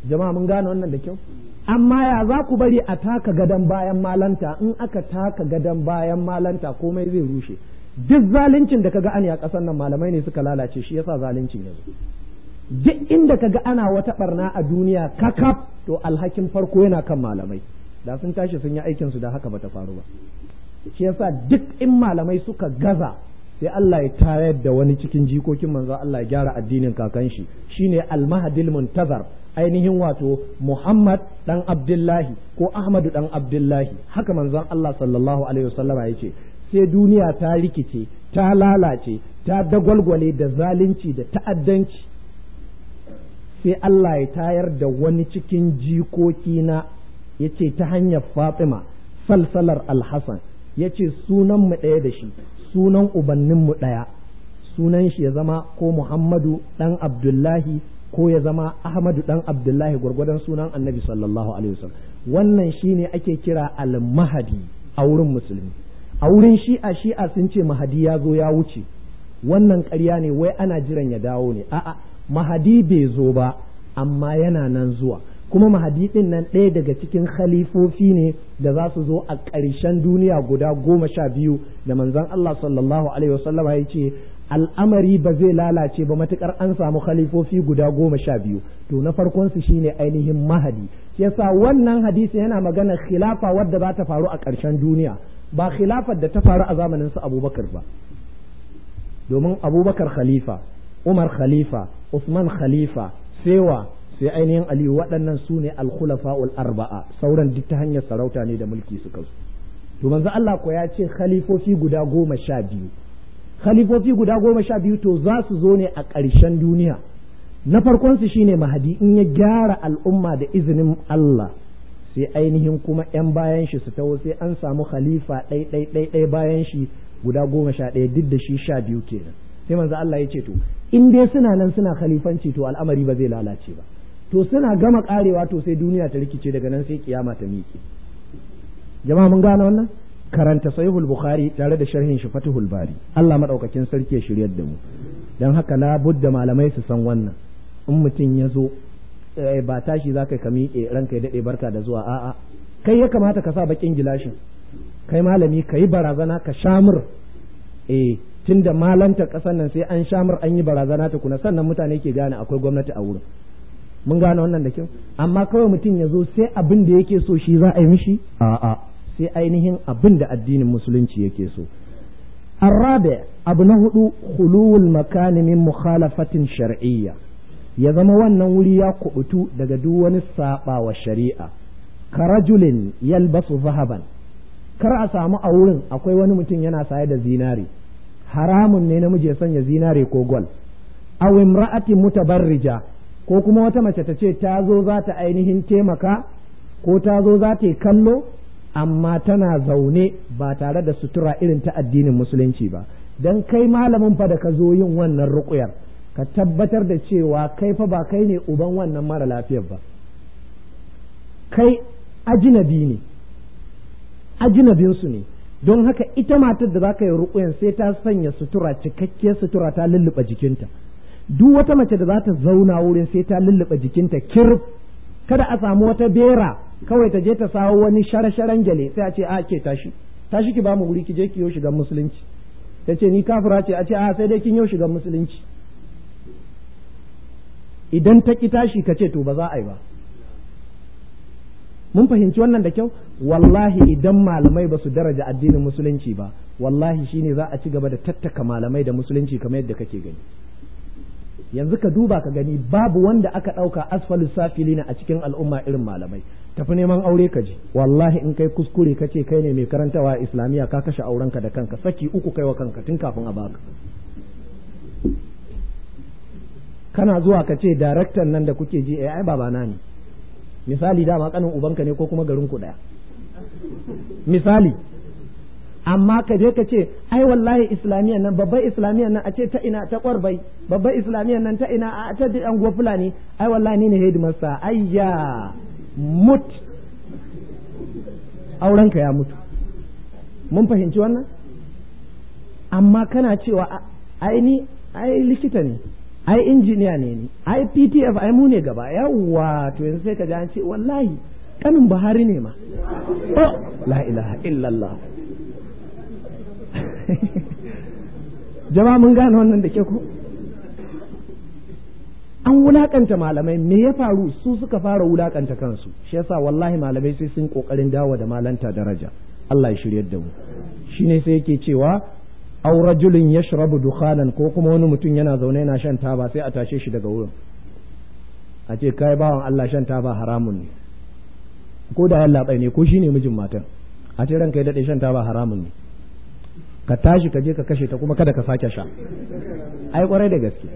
jama'a mun gane wannan da kyau amma ya za ku bari a taka gadon bayan malanta in aka taka gadon bayan malanta komai zai rushe duk zaluncin da kaga an ya kasan nan malamai ne suka lalace shi yasa zaluncin yanzu duk inda ka ga ana wata barna a duniya kakaf to alhakin farko yana kan malamai da sun tashi sun yi aikin su da haka bata faru ba shi yasa duk in malamai suka gaza sai Allah ya tayar da wani cikin jikokin manzo Allah ya gyara addinin kakan shi shine almahadil muntazar ainihin wato Muhammad dan Abdullahi ko Ahmadu dan Abdullahi haka manzon Allah sallallahu alaihi wasallama yace sai duniya ta rikice ta lalace ta dagwalgwale da zalunci da ta'addanci sai Allah ya tayar da wani cikin jikokina ya ce ta hanyar Fatima salsalar Alhassan ya ce mu ɗaya da shi sunan ubanninmu ɗaya sunan shi ya zama ko Muhammadu ɗan Abdullahi ko ya zama Ahmadu ɗan Abdullahi gwargwadon sunan annabi sallallahu alaihi wasallam wannan shine ake kira al-mahadi a wurin musulmi a wurin shi'a shi'a sun ce mahadi ya zo ya wuce wannan ƙarya ne wai ana jiran ya dawo ne a'a mahadi bai zo ba amma yana nan zuwa kuma mahadi ɗin nan ɗaya daga cikin khalifofi ne da za su zo a ƙarshen duniya guda goma sha biyu da manzon Allah sallallahu alaihi wasallama ya ce al'amari ba zai lalace ba matukar an samu khalifofi guda goma sha biyu to na farkon su shine ainihin mahadi yasa wannan hadisi yana magana khilafa wadda za ta faru a ƙarshen duniya ba khilafar da ta faru a zamanin su abubakar ba domin abubakar khalifa umar khalifa Usman Khalifa sewa sai ainihin Aliyu waɗannan su ne al al arba'a sauran duk ta hanyar sarauta ne da mulki suka kansu. to manzo Allah ko ya ce khalifofi guda goma sha biyu khalifofi guda goma sha biyu to za su zo ne a ƙarshen duniya na farkon su shine mahadi in ya gyara al'umma da izinin Allah sai ainihin kuma 'yan bayan shi su taho sai an samu khalifa ɗai ɗai ɗai bayan shi guda goma sha ɗaya duk da shi sha biyu kenan sai manzo Allah ya ce to in dai suna nan suna khalifanci to al'amari ba zai lalace ba to suna gama karewa to sai duniya ta rikice daga nan sai kiyama ta miƙe jama'a mun gane wannan karanta sahihul bukhari tare da sharhin shi fatihul bari Allah madaukakin sarki ya shiryar da mu dan haka la budda malamai su san wannan in mutum ya zo eh, ba tashi za ka miƙe ranka ya daɗe barka da zuwa a'a kai ya kamata ka sa bakin gilashin kai malami ka yi barazana ka shamur eh tunda malanta ƙasar nan sai an shamar an yi barazana ta kuna sannan mutane ke gane akwai gwamnati a wurin mun gane wannan da kyau amma kawai mutum ya zo sai abin da yake so shi za a yi mishi a'a sai ainihin abin da addinin musulunci yake so arabe abu na hudu khuluwul makani min mukhalafatin shar'iyya ya zama wannan wuri ya kubutu daga duk wani saba wa shari'a karajulin yalbasu zahaban kar a samu a wurin akwai wani mutum yana saye da zinari haramun ne namiji ya sanya zinare ko gwal aw imra'atin mutabarrija ko kuma wata mace ta ce ta zo za ta ainihin taimaka ko ta zo za ta yi kallo amma tana zaune ba tare da sutura irin ta addinin musulunci ba don kai malamin fa da ka zo yin wannan ruƙuyar ka tabbatar da cewa kai fa ba kai ne uban wannan mara lafiyar ba kai ajinabi ne ajinabinsu ne don haka ita matar da zaka yi ruƙuyan sai ta sanya sutura cikakkiyar sutura ta lulluɓa jikinta duk wata mace da za ta zauna wurin sai ta lulluɓa jikinta kir kada a samu wata bera kawai ta je ta sawo wani sharasharan sharan gyale sai a ce a ke tashi tashi ki bamu wuri ki je ki yo shigan musulunci ta ce ni kafira ce a ce a sai dai kin yo shigan musulunci idan ta ki tashi ka ce to ba za a yi ba mun fahimci wannan da kyau wallahi idan malamai ba su daraja addinin musulunci ba wallahi shine za a ci gaba da tattaka malamai da musulunci kamar yadda kake gani yanzu ka duba ka gani babu wanda aka ɗauka asfalus safilina a cikin al'umma irin malamai tafi neman aure ka ji wallahi in kai kuskure ka ce kai ne mai karantawa islamiyya ka kashe aurenka da kanka saki uku kai wa kanka tun kafin a baka kana zuwa ka ce daraktan nan da kuke ji eh, ai babana ne misali dama kanin ubanka ne ko kuma garin ku daya misali amma ka je ka ce ai wallahi islamiyan nan babban islamiyan nan a ce ta ina ta kwarbai babban islamiyan nan ta ina a ta anguwa fulani ai wallahi ne ne hidimarsa ayya mut aurenka ya mutu mun fahimci wannan amma kana cewa ai ni ai likita ne ai injiniya ne ni ai PTF ai mu ne gaba yawwa to yanzu sai ka an ce wallahi kanin Buhari ne ma oh la ilaha illallah jama'a mun gane wannan da ke ko an wulakanta malamai me ya faru su suka fara wulakanta kansu shi yasa wallahi malamai sai sun kokarin dawo da malanta daraja Allah ya shiryar da mu shine sai yake cewa aw rajulin yashrabu dukhanan ko kuma wani mutum yana zaune yana shan taba sai a tashe shi daga wurin a ce kai bawan Allah shan taba haramun ne ko da Allah bai ne ko shine mijin matan a ce ranka ya dade shan taba haramun ne ka tashi ka je ka kashe ta kuma kada ka sake sha ai kwarai da gaske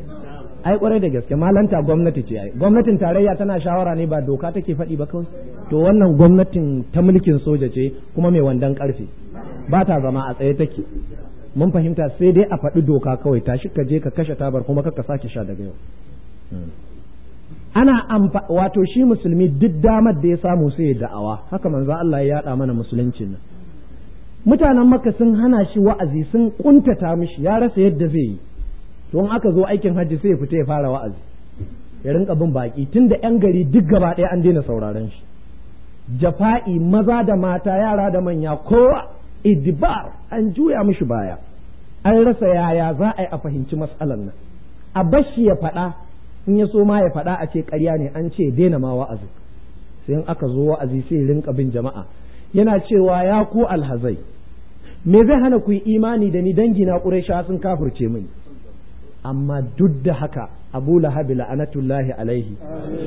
ai kwarai da gaske malanta gwamnati ce ai gwamnatin tarayya tana shawara ne ba doka take faɗi ba kawai to wannan gwamnatin ta mulkin soja ce kuma mai wandan karfe ba ta zama a tsaye take mun fahimta sai dai a faɗi doka kawai tashi ka je ka kashe tabar kuma ka sake sha daga yau ana wato shi musulmi duk damar da ya samu sai ya da'awa haka manzo Allah ya yada mana musuluncin nan mutanen maka sun hana shi wa'azi sun kuntata mishi ya rasa yadda zai yi to aka zo aikin hajji sai ya fita ya fara wa'azi ya rinka bin baki tunda yan gari duk gaba ɗaya an daina sauraron shi jafa'i maza da mata yara da manya kowa idbar an juya mishi baya an rasa yaya za a yi a fahimci matsalar nan a bashi ya faɗa in ya so ma ya faɗa a ce ƙarya ne an ce daina ma wa'azi sai in aka zo wa'azi sai rinka bin jama'a yana cewa ya ku alhazai me zai hana ku yi imani da ni dangi na ƙurayshawa sun kafurce mini amma duk da haka abu lahabi la'anatullahi alaihi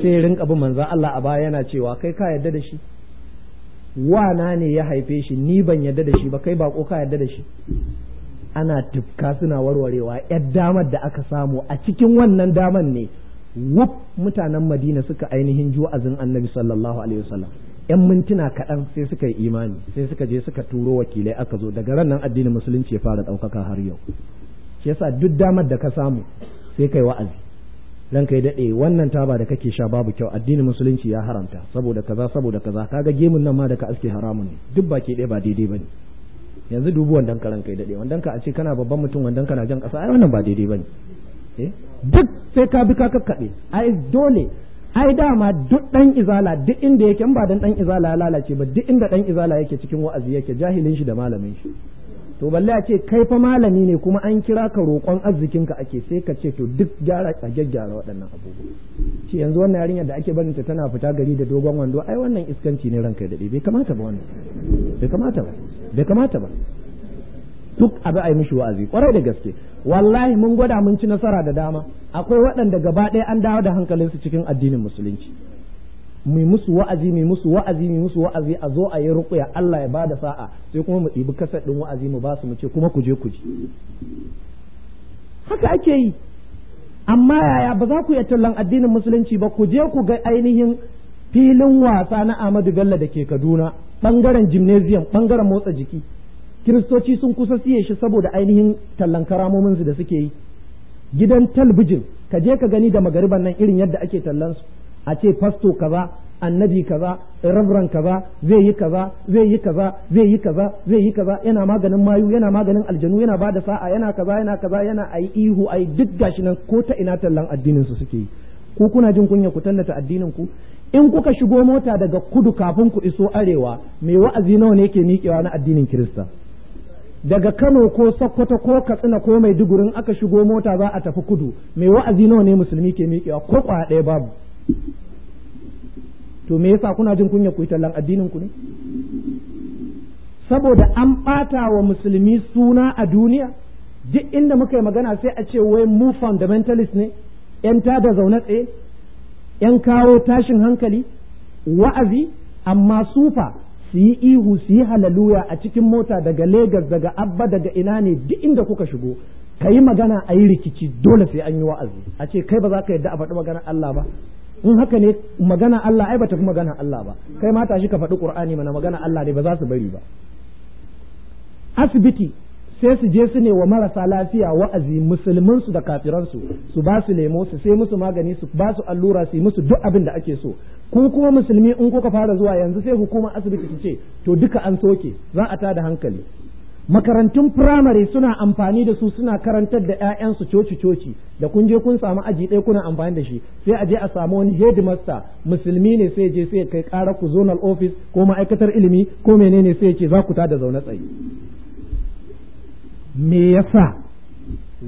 sai rinka bin manzo Allah a baya yana cewa kai ka yarda da shi wana ne ya haife shi ni ban yadda da shi ba kai ba koka yadda da shi ana tufka suna warwarewa yar damar da aka samu a cikin wannan damar ne wuf mutanen madina suka ainihin ju'azin annabi sallallahu alaihi wasallam yan mintuna kaɗan sai suka yi imani sai suka je suka turo wakilai aka zo daga ran nan addinin musulunci ya fara ɗaukaka har yau shi yasa duk damar da ka samu sai kai wa'azi ranka kai dade wannan taba da kake sha babu kyau addinin musulunci ya haramta saboda kaza saboda kaza kaga gemun nan ma da ka aske haramun ne duk baki ɗaya ba daidai bane yanzu dubu wannan ka kai dade wannan ka a ce kana babban mutum wannan kana jan kasa ai wannan ba daidai bane eh duk sai ka bi ka kakkabe ai dole ai dama duk dan izala duk inda yake in ba dan dan izala ya lalace ba duk inda dan izala yake cikin wa'azi yake jahilin shi da malamin shi to balle a ce kai fa malami ne kuma an kira ka roƙon arzikinka ake sai ka ce to duk gyara a gyaggyara waɗannan abubuwa ce yanzu wannan yarinyar da ake barinta tana fita gari da dogon wando ai wannan iskanci ne ranka da bai kamata ba wannan bai kamata ba bai kamata ba duk abu ai mishi wa'azi kwarai da gaske wallahi mun gwada mun ci nasara da dama akwai waɗanda gaba ɗaya an dawo da hankalinsu cikin addinin musulunci mai musu wa'azi mai musu wa'azi mai musu wa'azi a zo a yi ruqya Allah ya bada sa'a sai kuma mu ɗibi kasar ɗin wa'azi mu ba su mu ce kuma ku je ku ji haka ake yi amma yaya ba za ku iya tallan addinin musulunci ba ku je ku ga ainihin filin wasa na Ahmadu Bello da ke Kaduna bangaren gymnasium bangaren motsa jiki kiristoci sun kusa siye shi saboda ainihin tallan karamominsu da suke yi gidan talbijin ka je ka gani da magariban nan irin yadda ake tallan su a ce fasto kaza annabi kaza rabran kaza zai yi kaza zai yi kaza zai yi kaza zai yi kaza yana maganin mayu yana maganin aljanu yana bada sa'a yana kaza yana kaza yana ayi ihu ayi duk gashi nan ko ta ina tallan addinin su suke yi ko kuna jin kunya ku tallata addinin ku in kuka shigo mota daga kudu kafin ku iso arewa mai wa'azi nawa ne yake miƙewa na addinin kirista daga Kano ko Sokoto ko Katsina ko Maiduguri aka shigo mota za a tafi kudu mai wa'azi nawa ne musulmi ke miƙewa ko kwa ɗaya babu to me yasa kuna jin kunya ku tallan addinin ku ne saboda an ɓata wa musulmi suna a duniya duk inda muka yi magana sai a ce wai mu fundamentalist ne ‘yan da zaune tsaye ‘yan kawo tashin hankali wa'azi amma sufa su yi ihu su yi halaluya a cikin mota daga Legas daga Abba daga ina ne duk inda kuka shigo ka yi magana a yi rikici dole sai an yi wa'azi a ce kai ba za ka yadda a faɗi maganar Allah ba in haka ne magana Allah ai ba tafi magana Allah ba kai ma shi ka faɗi Qur'ani mana magana Allah ne ba za su bari ba asibiti sai su je su ne wa marasa lafiya wa'azi musulmin su da kafiran su su ba su lemo su sai musu magani su ba su allura su yi musu duk abin da ake so ko kuma musulmi in ko ka fara zuwa yanzu sai hukumar asibiti su ce to duka an soke za a tada hankali makarantun firamare suna amfani da su suna karantar da 'ya'yansu coci-coci da kun je kun samu aji ɗaya kuna amfani da shi sai a je a samu wani headmaster musulmi ne sai je sai kai ƙara ku zonal office ko ma'aikatar ilimi ko menene sai ce za ku ta da zaune tsaye me yasa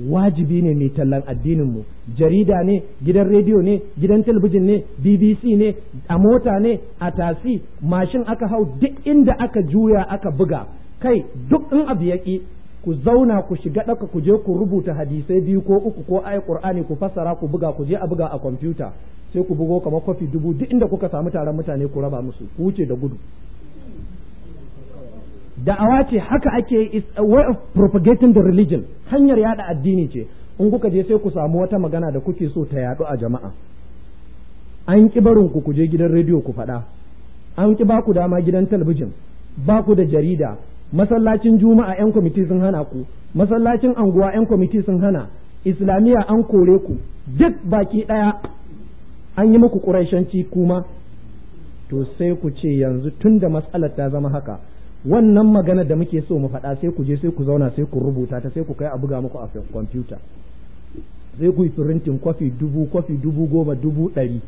wajibi ne mai tallan addininmu jarida ne gidan rediyo ne gidan talabijin ne bbc ne a mota ne a tasi mashin aka hau duk inda aka juya aka buga kai duk in abu yaƙi ku zauna ku shiga ɗaka ku je ku rubuta hadisai biyu ko uku ko ayi Ƙur'ani ku fassara ku buga ku je a buga a kwamfuta sai ku bugo kamar kwafi dubu duk inda kuka samu taron mutane ku raba musu ku wuce da gudu da'awa ce haka ake is a way of propagating the religion hanyar yada addini ce in kuka je sai ku samu wata magana da kuke so ta yaɗu a jama'a an ki barin ku je gidan rediyo ku faɗa an ki ba ku dama gidan talabijin ba ku da jarida masallacin juma'a yan kwamiti sun hana ku masallacin anguwa yan kwamiti sun hana islamiyya an kore ku duk baki ɗaya an yi muku ƙuraishanci kuma to sai ku ce yanzu tun da matsalar ta zama haka wannan magana da muke so mu faɗa sai ku je sai ku zauna sai ku rubuta ta sai ku kai a buga muku a kwamfuta sai ku yi firintin kwafi dubu kwafi dubu goma dubu ɗari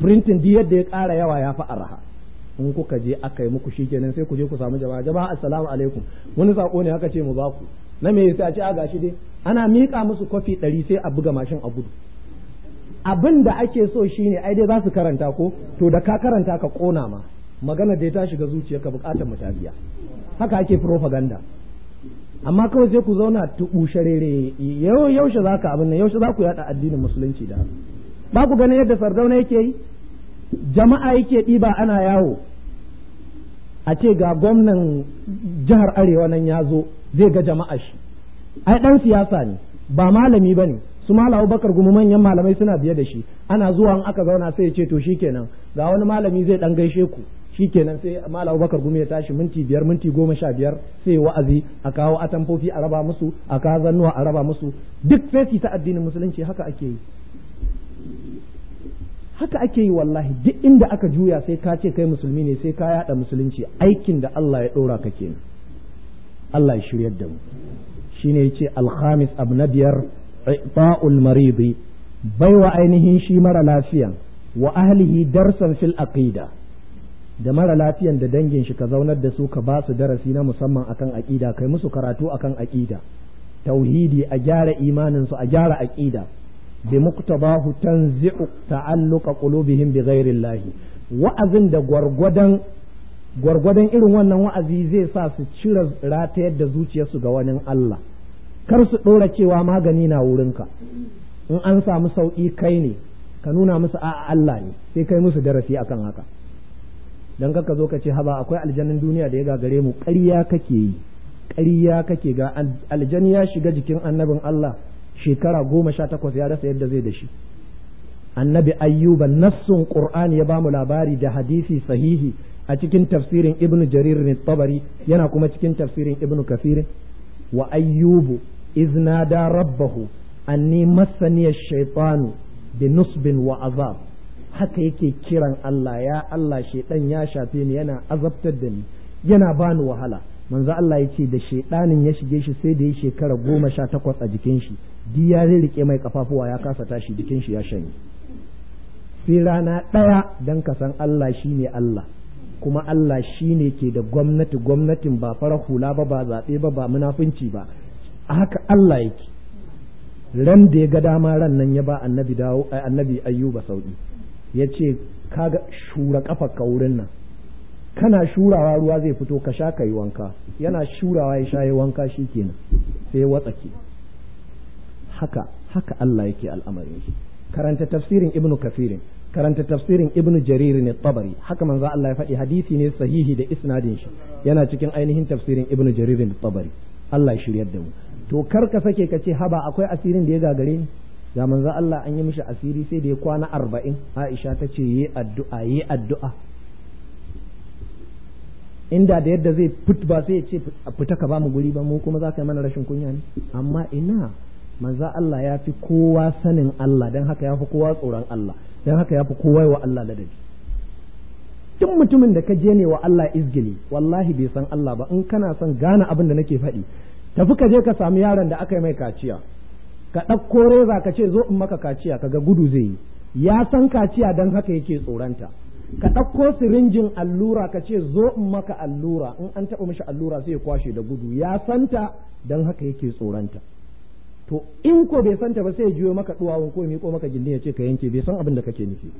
firintin duk yadda ya ƙara yawa ya fi araha in kuka je aka yi muku shikenan sai ku je ku samu jama'a jama'a assalamu alaikum wani sako ne haka ce mu ba ku na me yasa a ce a gashi dai ana miƙa musu kofi ɗari sai a buga mashin a gudu abin da ake so shine ai dai za su karanta ko to da ka karanta ka kona ma magana dai ta shiga ka bukatar mu ta biya haka ake propaganda amma kawai sai ku zauna tubu sharere yau yaushe za ka abin nan yaushe za ku yada addinin musulunci da ba ku ganin yadda sardauna yake yi jama'a yake ɗiba ana yawo a ce ga gwamnan jihar arewa nan ya zo zai ga jama'a shi ai ɗan siyasa ne ba malami ba ne su malamu bakar gumu manyan malamai suna biye da shi ana zuwa in aka zauna sai ya ce to shikenan ga wani malami zai ɗan gaishe ku shi kenan sai malamu bakar gumu ya tashi minti biyar minti goma sha biyar sai wa'azi a kawo atamfofi a raba musu a kawo zannuwa a raba musu duk sai ta addinin musulunci haka ake yi haka ake yi wallahi duk inda aka juya sai ka ce kai musulmi ne sai ka yada musulunci aikin da Allah ya dora ka kenan Allah ya shiryar da mu shine yace al-khamis abu na biyar i'ta'ul maridi baiwa ainihin shi mara lafiyan wa ahlihi darsan fil aqida da mara lafiyan da dangin shi ka zaunar da su ka ba su darasi na musamman akan aqida kai musu karatu akan aqida tauhidi a gyara imanin su a gyara aqida bi muktabahu tanzi'u ta'alluqa qulubihim bi ghairillah wa'azin da gwargwadon gwargwadon irin wannan wa'azi zai sa su cire ratayar da zuciyarsu ga wani Allah kar su ɗora cewa magani na wurinka in an samu sauƙi kai ne ka nuna musu a'a Allah ne sai kai musu darasi akan haka dan kaka zo ka ce haba akwai aljannin duniya da ya gare mu ƙarya kake yi ƙarya kake ga aljani ya shiga jikin annabin Allah shekara goma sha takwas ya rasa yadda zai da shi annabi ayyuba nassun qur'an ya bamu labari da hadisi sahihi a cikin tafsirin ibn jarir ne tabari yana kuma cikin tafsirin ibn kafir wa ayyubu iznada rabbahu anni massani ash shaytan bi nusbin wa azab haka yake kiran Allah ya Allah shedan ya shafe ni yana azabtar da ni yana bani wahala manzo Allah ya ce da shaidanin ya shige shi sai da ya shekara goma sha takwas a jikin shi di ya rike mai kafafuwa ya kasa tashi jikin shi ya shanye sai rana ɗaya dan ka san Allah shine Allah kuma Allah shine ke da gwamnati gwamnatin ba fara hula ba ba zaɓe ba ba munafunci ba haka Allah yake ran da ya ga dama ran nan ya ba annabi dawo eh, annabi ayyuba sauki ya ce kaga shura kafa ka wurin nan kana shurawa ruwa zai fito ka sha ka yi wanka yana shurawa ya sha ya wanka shi kenan sai ya haka haka Allah yake al'amarin shi karanta tafsirin ibnu kafirin karanta tafsirin ibnu jarir ne tabari haka manzo Allah ya faɗi hadisi ne sahihi da isnadin shi yana cikin ainihin tafsirin ibnu jarir ne tabari Allah ya shiryar da mu to kar ka sake ka ce haba akwai asirin da ya gagare ni ga manzo Allah an yi mishi asiri sai da ya kwana arba'in Aisha ta ce yi addu'a yi addu'a inda da yadda zai fit ba sai ya ce fita ka bamu guri ba mu kuma za ka yi mana rashin kunya ne amma ina manza Allah ya fi kowa sanin Allah don haka ya fi kowa tsoron Allah don haka ya fi kowa wa Allah ladabi duk mutumin da ka je ne wa Allah izgili wallahi bai san Allah ba in kana son gane abin da nake faɗi tafi ka je ka samu yaron da aka yi mai kaciya ka ɗauko reza ka ce zo in maka kaciya ka ga gudu zai yi ya san kaciya don haka yake tsoranta ka ɗauko sirinjin allura ka ce zo in maka allura in an taɓa mashi allura sai ya kwashe da gudu ya santa don haka yake tsoronta to in ko bai santa ba sai ya juyo maka duwawun ko miƙo maka gindin ya ce ka yanke bai san abin da kake nufi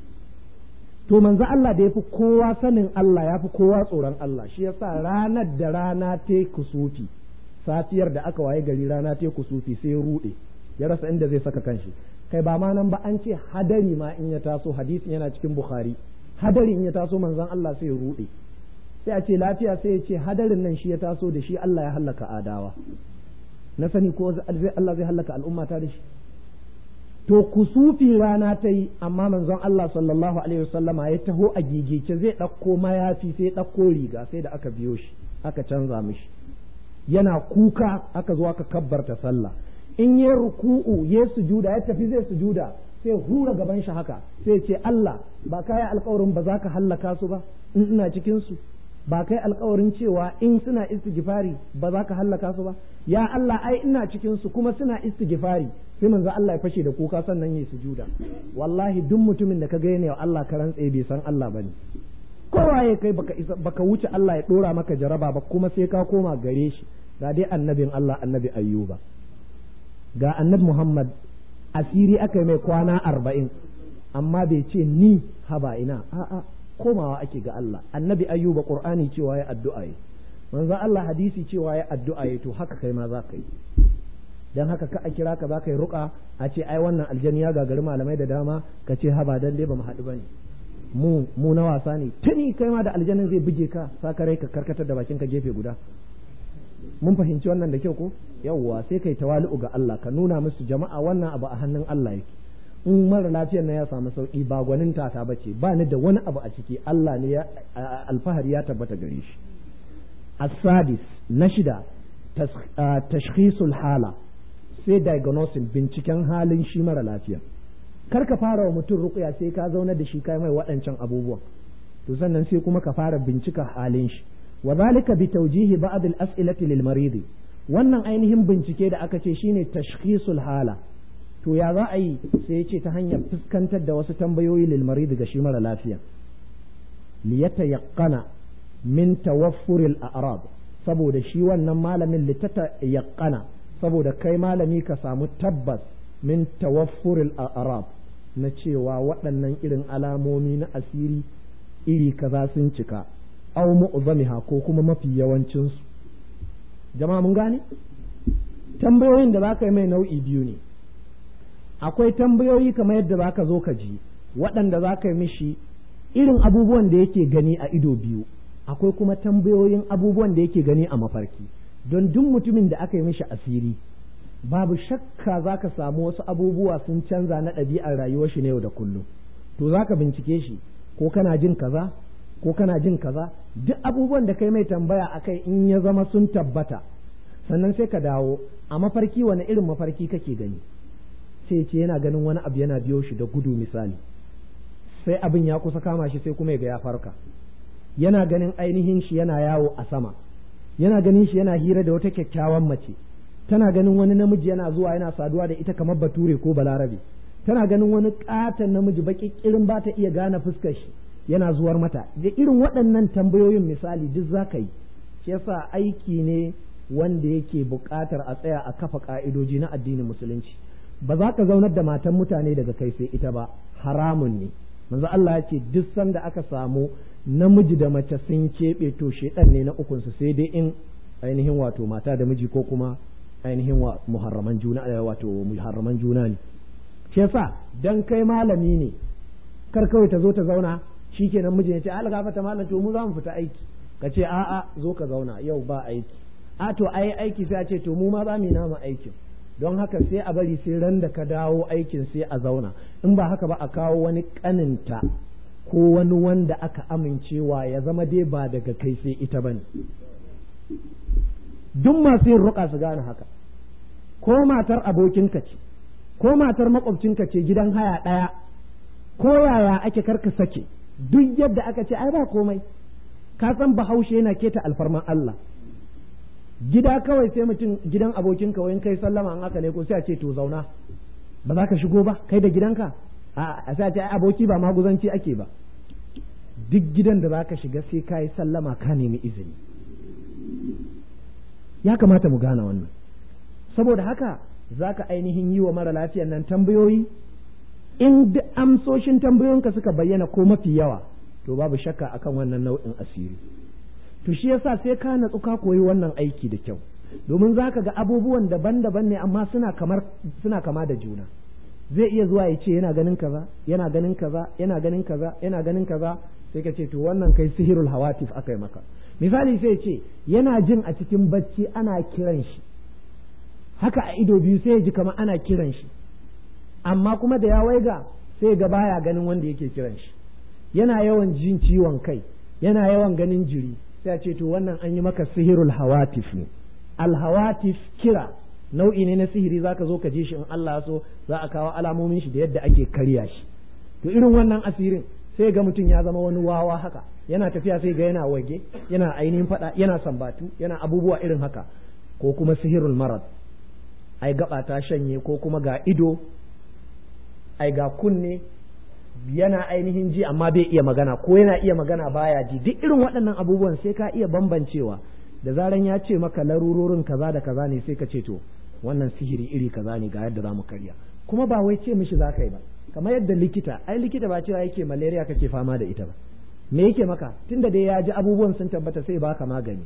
to manzo Allah da yafi kowa sanin Allah yafi kowa tsoron Allah shi yasa ranar da rana ta kusufi safiyar da aka waye gari rana ta kusufi sai ya rude ya rasa inda zai saka kanshi kai ba ma nan ba an ce hadari ma in ya taso hadisin yana cikin Bukhari hadarin ya taso manzon Allah sai ya rude sai a ce lafiya sai ya ce hadarin nan shi ya taso da shi Allah ya hallaka adawa na sani ko Allah zai hallaka al'umma ta da shi to kusufi rana ta yi amma manzon Allah sallallahu alaihi wasallama ya taho a gigice zai ɗauko mayafi sai ɗauko riga sai da aka biyo shi aka canza mishi yana kuka aka zo aka kabbarta sallah in ya ruku'u ya sujuda ya tafi zai sujuda sai hura gaban shi haka sai ce Allah ba ka yi alkawarin ba za ka hallaka su ba in ina cikin su ba kai alkawarin cewa in suna istighfari ba za ka hallaka su ba ya Allah ai ina cikin su kuma suna istighfari sai manzo Allah ya fashe da kuka sannan yayi sujuda wallahi duk mutumin da ka ga yana Allah ka rantsa bai san Allah bane kowa ya kai baka isa baka wuce Allah ya dora maka jaraba ba kuma sai ka koma gare shi ga dai annabin Allah annabi ayyuba ga annabi Muhammad asiri aka yi mai kwana arba'in amma bai ce ni haba ina a'a komawa ake ga Allah annabi ayyuba qur'ani cewa ya addu'a yi manzo Allah hadisi cewa ya addu'a yi to haka kai ma za ka yi dan haka ka a kira ka za ka yi ruka a ce ai wannan aljani ya gagari malamai da dama ka ce haba dan dai ba mu haɗu bane mu mu na wasa ne tuni kai ma da aljanin zai buge ka sakarai ka karkatar da bakin ka gefe guda mun fahimci wannan da kyau ko yawwa sai kai tawali'u ga Allah ka nuna musu jama'a wannan abu a hannun Allah yake in mara lafiyar na ya samu sauki ba gwanin tata bace ba ni da wani abu a ciki Allah ne ya alfahari ya tabbata gare shi as-sadis na shida tashkhisul hala sai diagnosing binciken halin shi mara lafiya kar ka fara wa mutum rukuya sai ka zauna da shi kai mai waɗancan abubuwan to sannan sai kuma ka fara bincika halin shi wa zalika bi taujihi ba'd asilati lil wannan ainihin bincike da aka ce shine tashkisul hala to ya za a yi sai ce ta hanyar fuskantar da wasu tambayoyi lilmari daga ga shi mara lafiya liyata liyatayaqqana min tawaffuril a'rab saboda shi wannan malamin litata yaqqana saboda kai malami ka samu tabbas min tawaffuril a'rab na cewa waɗannan irin alamomi na asiri iri kaza sun cika aw mu'zamiha ko kuma mafi yawancin su jama'a mun gane tambayoyin da baka yi mai nau'i biyu ne akwai tambayoyi kamar yadda zaka zo ka ji waɗanda zaka yi mishi irin abubuwan da yake gani a ido biyu akwai kuma tambayoyin abubuwan da yake gani a mafarki don duk mutumin da aka yi mishi asiri babu shakka za ka samu wasu abubuwa sun canza na ɗabi'ar rayuwar shi na yau da kullum to za ka bincike shi ko kana jin kaza ko kana jin kaza duk abubuwan da kai mai tambaya akai in ya zama sun tabbata sannan sai ka dawo a mafarki wani irin mafarki kake gani sai ce yana ganin wani abu yana biyo shi da gudu misali sai abin ya kusa kama shi sai kuma ya ga ya farka yana ganin ainihin shi yana yawo a sama yana ganin shi yana hira da wata kyakkyawan mace tana ganin wani namiji yana zuwa yana saduwa da ita kamar bature ko balarabe tana ganin wani ƙaton namiji baki kirin ba ta iya gane fuskar shi yana zuwar mata da irin waɗannan tambayoyin misali duk za ka yi shi yasa aiki ne wanda yake buƙatar a tsaya a kafa ƙa'idoji na addinin musulunci ba za ka zaunar da matan mutane daga kai sai ita ba haramun ne manzo Allah ya ce duk sanda aka samu namiji da mace sun keɓe to shedan ne na ukun su sai dai in ainihin wato mata da miji ko kuma ainihin wa muharraman juna eh, wato muharraman juna ne shi yasa dan kai malami ne kar kawai ta zo ta zauna Shi kenan mijin ya ce alga ta malam to mu za mu fita aiki ka ce a'a zo ka zauna yau ba aiki a to ai aiki sai a ce to mu ma za mu yi aikin don haka sai a bari sai ran da ka dawo aikin sai a zauna in ba haka ba a kawo wani kaninta ko wani wanda aka amincewa ya zama dai ba daga kai sai ita bane duk masu yin ruka su gane haka ko matar abokinka ce ko matar makwabcinka ce gidan haya ɗaya ko yaya ake karka sake duk yadda aka ce ai ba komai ka san bahaushe yana keta alfarman Allah gida kawai sai mutum gidan abokin ka wayan kai sallama an aka ne ko sai a ce to zauna ba za ka shigo ba kai da gidanka a sai a ce ai aboki ba maguzanci ake ba duk gidan da za ka shiga sai ka yi sallama ka nemi izini ya kamata mu gane wannan saboda haka za ka ainihin yi wa mara lafiyan nan tambayoyi in da amsoshin tambayoyinka suka bayyana ko mafi yawa to babu shakka akan wannan nau'in asiri to shi yasa sai ka natsu ka koyi wannan aiki da kyau domin za ka ga abubuwan daban-daban ne amma suna kamar suna kama da juna zai iya zuwa ya ce yana ganin kaza yana ganin kaza yana ganin kaza yana ganin kaza sai ka ce to wannan kai sihirul hawatif aka yi maka misali sai ce yana jin a cikin bacci ana kiran shi haka a ido biyu sai ya ji kamar ana kiran shi amma kuma da ya waiga sai ga baya ganin wanda yake kiran shi yana yawan jin ciwon kai yana yawan ganin jiri sai a ce to wannan an yi maka sihirul hawatif ne alhawatif kira nau'i ne na sihiri za ka zo ka ji shi in Allah so za a kawo alamomin shi da yadda ake karya shi to irin wannan asirin sai ga mutum ya zama wani wawa haka yana tafiya sai ga yana wage yana ainihin fada yana sambatu yana abubuwa irin haka ko kuma sihirul marad ai gaba ta shanye ko kuma ga ido ai ga kunne yana ainihin ji amma bai iya magana ko yana iya magana baya ji duk irin waɗannan abubuwan sai ka iya bambancewa da zaran ya ce maka larurorin kaza da kaza ne sai ka ce to wannan sihiri iri kaza ne ga yadda zamu karya kuma ba wai ce mishi za ka yi ba kamar yadda likita ai likita ba cewa yake malaria kake fama da ita ba me yake maka tunda dai ya ji abubuwan sun tabbata sai baka magani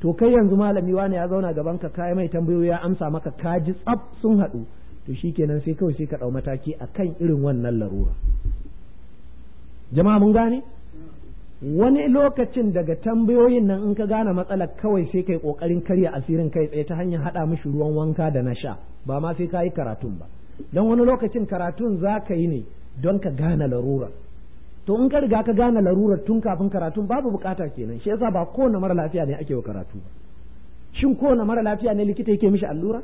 to kai yanzu malami wani ya zauna gaban ka kai mai tambayoyi ya amsa maka ka ji tsaf sun haɗu to shi kenan sai kawai sai ka ɗau mataki a kan irin wannan larura jama'a mun gane wani lokacin daga tambayoyin nan in ka gane matsalar kawai sai kai ƙoƙarin karya asirin kai tsaye ta hanyar haɗa mishi ruwan wanka da na sha ba ma sai ka yi karatun ba don wani lokacin karatun za ka yi ne don ka gane larura to in ka riga ka gane larurar tun kafin karatun babu bukata kenan shi yasa ba kowane mara lafiya ne ake wa karatu ba shin kowane mara lafiya ne likita yake mishi allura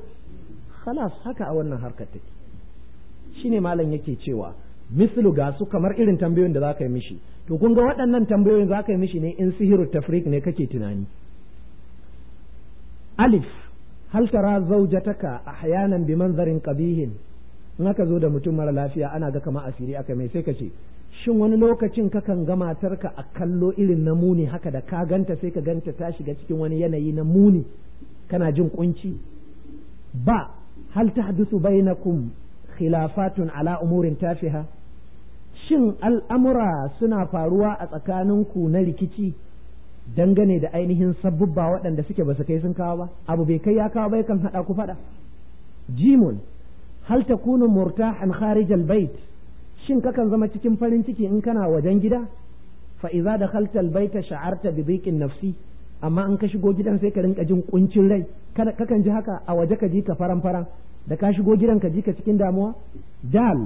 khalas haka a wannan harkar take shine malam yake cewa mislu ga su kamar irin tambayoyin da za ka yi mishi to kun ga waɗannan tambayoyin za ka yi mishi ne in sihiru tafriq ne kake tunani alif hal tara zawjataka ahyanan bi manzarin qabihin in aka zo da mutum mara lafiya ana ga kamar asiri aka mai sai ka ce shin wani lokacin ka kan ga matarka a kallo irin na muni haka da ka ganta sai ka ganta ta shiga cikin wani yanayi na muni kana jin kunci ba hal tahdusu kum khilafatun ala umurin tafiha shin al'amura suna faruwa a tsakaninku na rikici dangane da ainihin sabubba waɗanda suke ba su kai sun kawo ba abu bai kai ya kawo bai kan haɗa ku faɗa jimun hal ta murta an kharijal bait shin kakan zama cikin farin ciki in kana wajen gida fa idza dakhalta al baita sha'arta bi dhiqin nafsi amma an ka shigo gidan sai ka rinka jin kuncin rai kada kakan ji haka a waje ka ji ka faran faran da ka shigo gidan ka ji ka cikin damuwa dal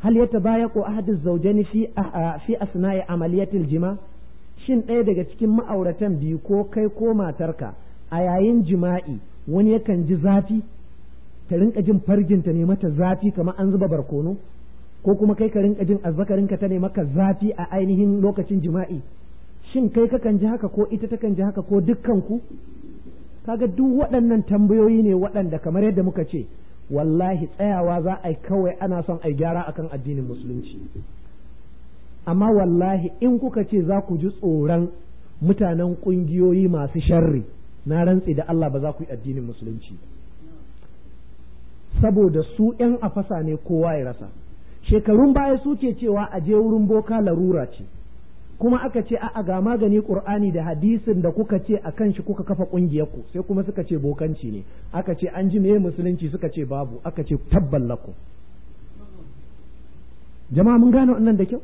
hal ko ahadu zawjani fi fi asna'i amaliyatil jima shin ɗaya daga cikin ma'auratan biyu ko kai ko matarka a yayin jima'i wani yakan ji zafi ta rinka jin ta ne mata zafi kamar an zuba barkono ko kuma kai ka rinka jin azzakarinka ta ne maka zafi a ainihin lokacin jima'i shin kai kakan ji haka ko ita takan ji haka ko dukkan ku kaga duk waɗannan tambayoyi ne waɗanda kamar yadda muka ce wallahi tsayawa za a yi kawai ana son a yi gyara akan addinin musulunci amma wallahi in kuka ce za ku ji tsoron mutanen ƙungiyoyi masu sharri na rantsi da Allah ba za ku yi addinin musulunci saboda su ‘yan afasa ne kowa ya rasa shekarun baya su ke cewa a je wurin boka larura ce kuma aka ce a'a ga magani qur'ani da hadisin da kuka ce a kan shi kuka kafa ƙungiyarku sai kuma suka ce bokanci ne aka ce an ji meye musulunci suka ce babu aka ce tabballaku jama'a mun gane wannan da kyau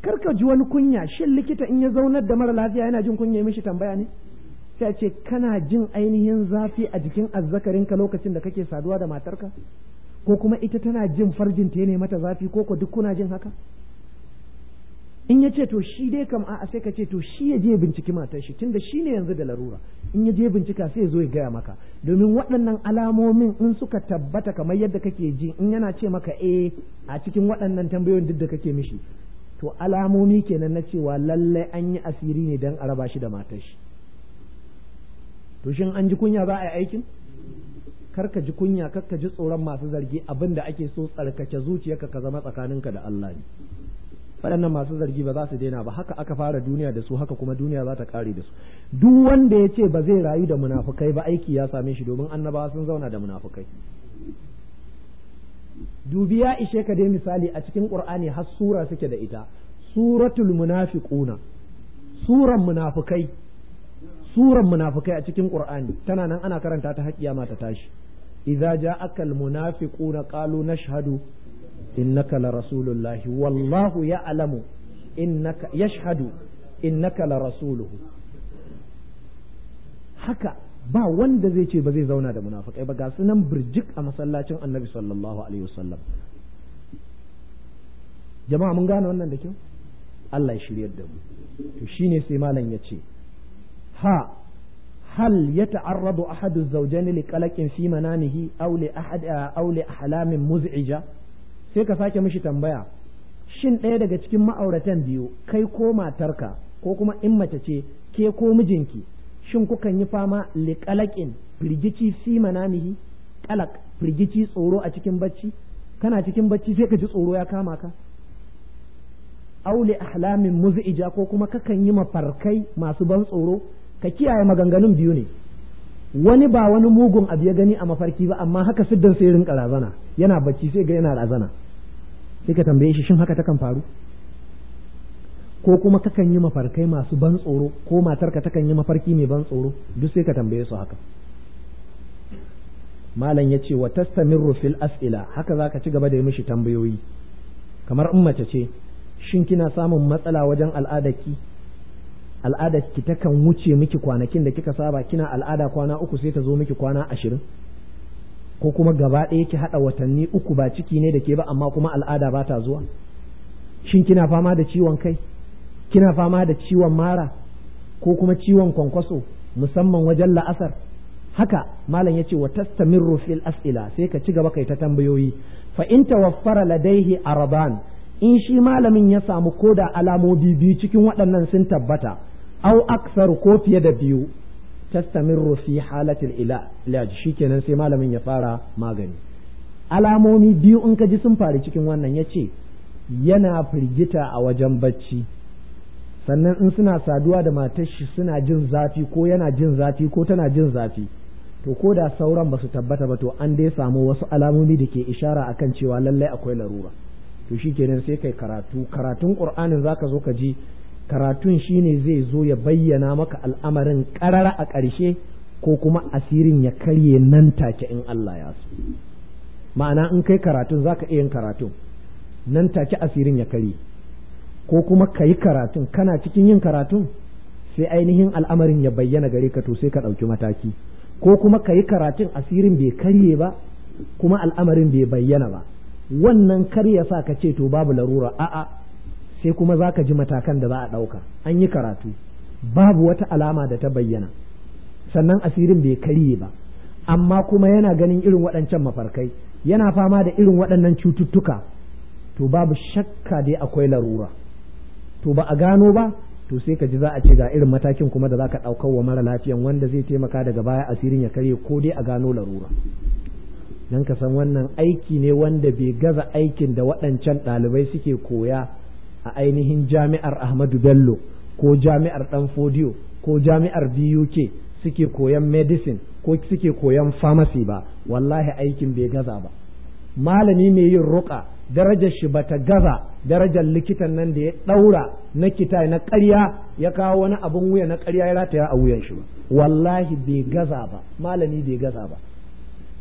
karka ji wani kunya shin likita in ya zaunar da mara lafiya yana jin kunya mishi tambaya ne sai ce kana jin ainihin zafi a jikin azzakarinka lokacin da kake saduwa da matarka ko kuma ita tana jin farjinta ne mata zafi ko ko duk kuna jin haka in ya ce to shi dai kam a'a sai ka ce to shi ya je binciki matar shi tunda shi ne yanzu da larura in ya je bincika sai ya zo ya gaya maka domin waɗannan alamomin in suka tabbata kamar yadda kake ji in yana ce maka eh a cikin waɗannan tambayoyin duk da kake mishi to alamomi kenan na cewa lallai an yi asiri ne dan a raba shi da matar shi to shin an ji kunya za a yi aikin karka ji kunya karka ji tsoron masu zargi abinda ake so tsarkake zuciyarka ka zama tsakaninka da Allah ne waɗannan masu zargi ba za su daina ba haka aka fara duniya da su haka kuma duniya za ta kare da su duk wanda ya ce ba zai rayu da munafukai ba aiki ya same shi domin annabawa sun zauna da munafukai dubi ya ishe ka dai misali a cikin qur'ani har sura suke da ita suratul munafiquna suran munafukai suran munafukai a cikin qur'ani tana nan ana karanta ta har kiyama ta tashi idza ja'aka al munafiquna qalu nashhadu innaka la rasulullahi wallahu ya'lamu innaka yashhadu innaka la rasuluhu haka ba wanda zai ce ba zai zauna da munafikai ba ga sunan birjik a masallacin annabi sallallahu alaihi wasallam jama'a mun gane wannan da kyau Allah ya shiryar da mu to shine sai malam ya ce ha hal ya yata'arradu ahadu zawjayn li qalaqin fi manamihi aw li ahad aw li ahlamin muz'ija sai ka sake mishi tambaya shin ɗaya daga cikin ma'auratan biyu kai ko matarka ko kuma in mace ce ke ko mijinki shin kukan yi fama liƙalaƙin firgici fi manamihi ƙalaƙ firgici tsoro a cikin bacci kana cikin bacci sai ka ji tsoro ya kama ka Aule ahlamin muzi'ija ko kuma kakan yi mafarkai masu ban tsoro ka kiyaye maganganun biyu ne wani ba wani mugun abu ya gani a mafarki ba amma haka siddan sai rinka razana yana bacci sai ga yana razana sai ka tambaye shi shin haka takan faru ko kuma kakan yi mafarkai masu ban tsoro ko matar matarka takan yi mafarki mai ban tsoro duk sai ka tambaye su haka malam ya ce wa tastamirru fil as'ila haka zaka ci gaba da yi mishi tambayoyi kamar in mace ce shin kina samun matsala wajen al'adaki. al'ada ki ta kan wuce miki kwanakin da kika saba kina al'ada kwana uku sai ta zo miki kwana ashirin ko kuma gaba ɗaya ki haɗa watanni uku ba ciki ne da ke ba amma kuma al'ada ba ta zuwa shin kina fama da ciwon kai kina fama da ciwon mara ko kuma ciwon kwankwaso musamman wajen la'asar haka malam ya ce wa tastamirru fil as'ila sai ka ci gaba kai ta tambayoyi fa in tawaffara ladaihi araban in shi malamin ya samu koda alamobi biyu cikin waɗannan sun tabbata au aksar ko fiye da biyu tastamirru fi halatil ilaj shikenan sai malamin ya fara magani alamomi biyu in ka ji sun faru cikin wannan ya ce yana firgita a wajen bacci sannan in suna saduwa da matar shi suna jin zafi ko yana jin zafi ko tana jin zafi to ko da sauran ba su tabbata ba to an dai samu wasu alamomi da ke ishara akan cewa lallai akwai larura to shikenan sai kai karatu karatun qur'anin zaka zo ka ji karatun shine zai zo ya bayyana maka al'amarin karara a ƙarshe ko kuma asirin ya karye nan take in Allah ya so ma'ana in kai karatun zaka iya yin karatun nan take asirin ya karye ko kuma ka karatun kana cikin yin karatun sai ainihin al'amarin ya bayyana gare ka to sai ka ɗauki mataki ko kuma ka karatun asirin bai karye ba kuma al'amarin bai bayyana ba wannan kar ya sa ka ce to babu larura a'a sai kuma za ka ji matakan da za a ɗauka an yi karatu babu wata alama da ta bayyana sannan asirin bai karye ba amma kuma yana ganin irin waɗancan mafarkai yana fama da irin waɗannan cututtuka to babu shakka dai akwai larura to ba a gano ba to sai ka ji za a ce ga irin matakin kuma da za ka ɗaukar wa mara lafiyan wanda zai taimaka daga baya asirin ya karye ko dai a gano larura don ka san wannan aiki ne wanda bai gaza aikin da waɗancan ɗalibai suke koya a ainihin jami'ar Ahmadu Bello ko jami'ar Danfodiyo ko jami'ar BUK suke koyan medicine ko suke koyan pharmacy ba wallahi aikin bai gaza ba malami mai yin ruka darajar shi bata gaza darajar likitan nan da ya daura na kita na ƙarya ya kawo wani abun wuya na ƙarya ya rataya a wuyan shi ba wallahi bai gaza ba malami bai gaza ba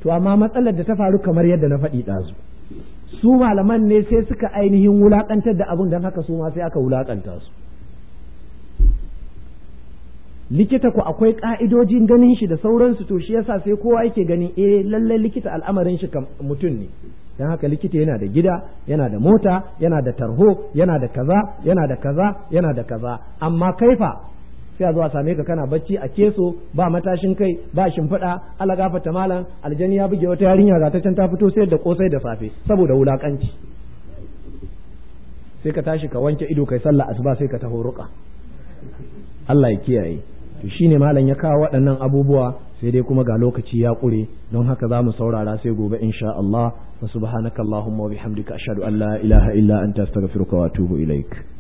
to amma matsalar da ta faru kamar yadda na faɗi ɗazu su malaman ne sai suka ainihin wulaƙantar da abin don haka su ma sai aka wulaƙanta su likita ku akwai ƙa'idojin ganin shi da sauransu to shi yasa sai kowa yake ganin eh lalle likita al'amarin shi mutum ne don haka likita yana da gida yana da mota yana da tarho yana da kaza yana da kaza yana da kaza amma kaifa sai a zo same ka kana bacci a keso ba matashin kai ba shimfiɗa ala gafata malam aljani ya buge wata yarinya ga ta can ta fito sai da kosai da safe saboda wulakanci sai ka tashi ka wanke ido kai sallah asuba sai ka taho ruka Allah ya kiyaye to shine malam ya kawo waɗannan abubuwa sai dai kuma ga lokaci ya ƙure don haka za mu saurara sai gobe insha Allah wa subhanakallahumma wa bihamdika ashhadu an la ilaha illa anta astaghfiruka wa atubu ilaik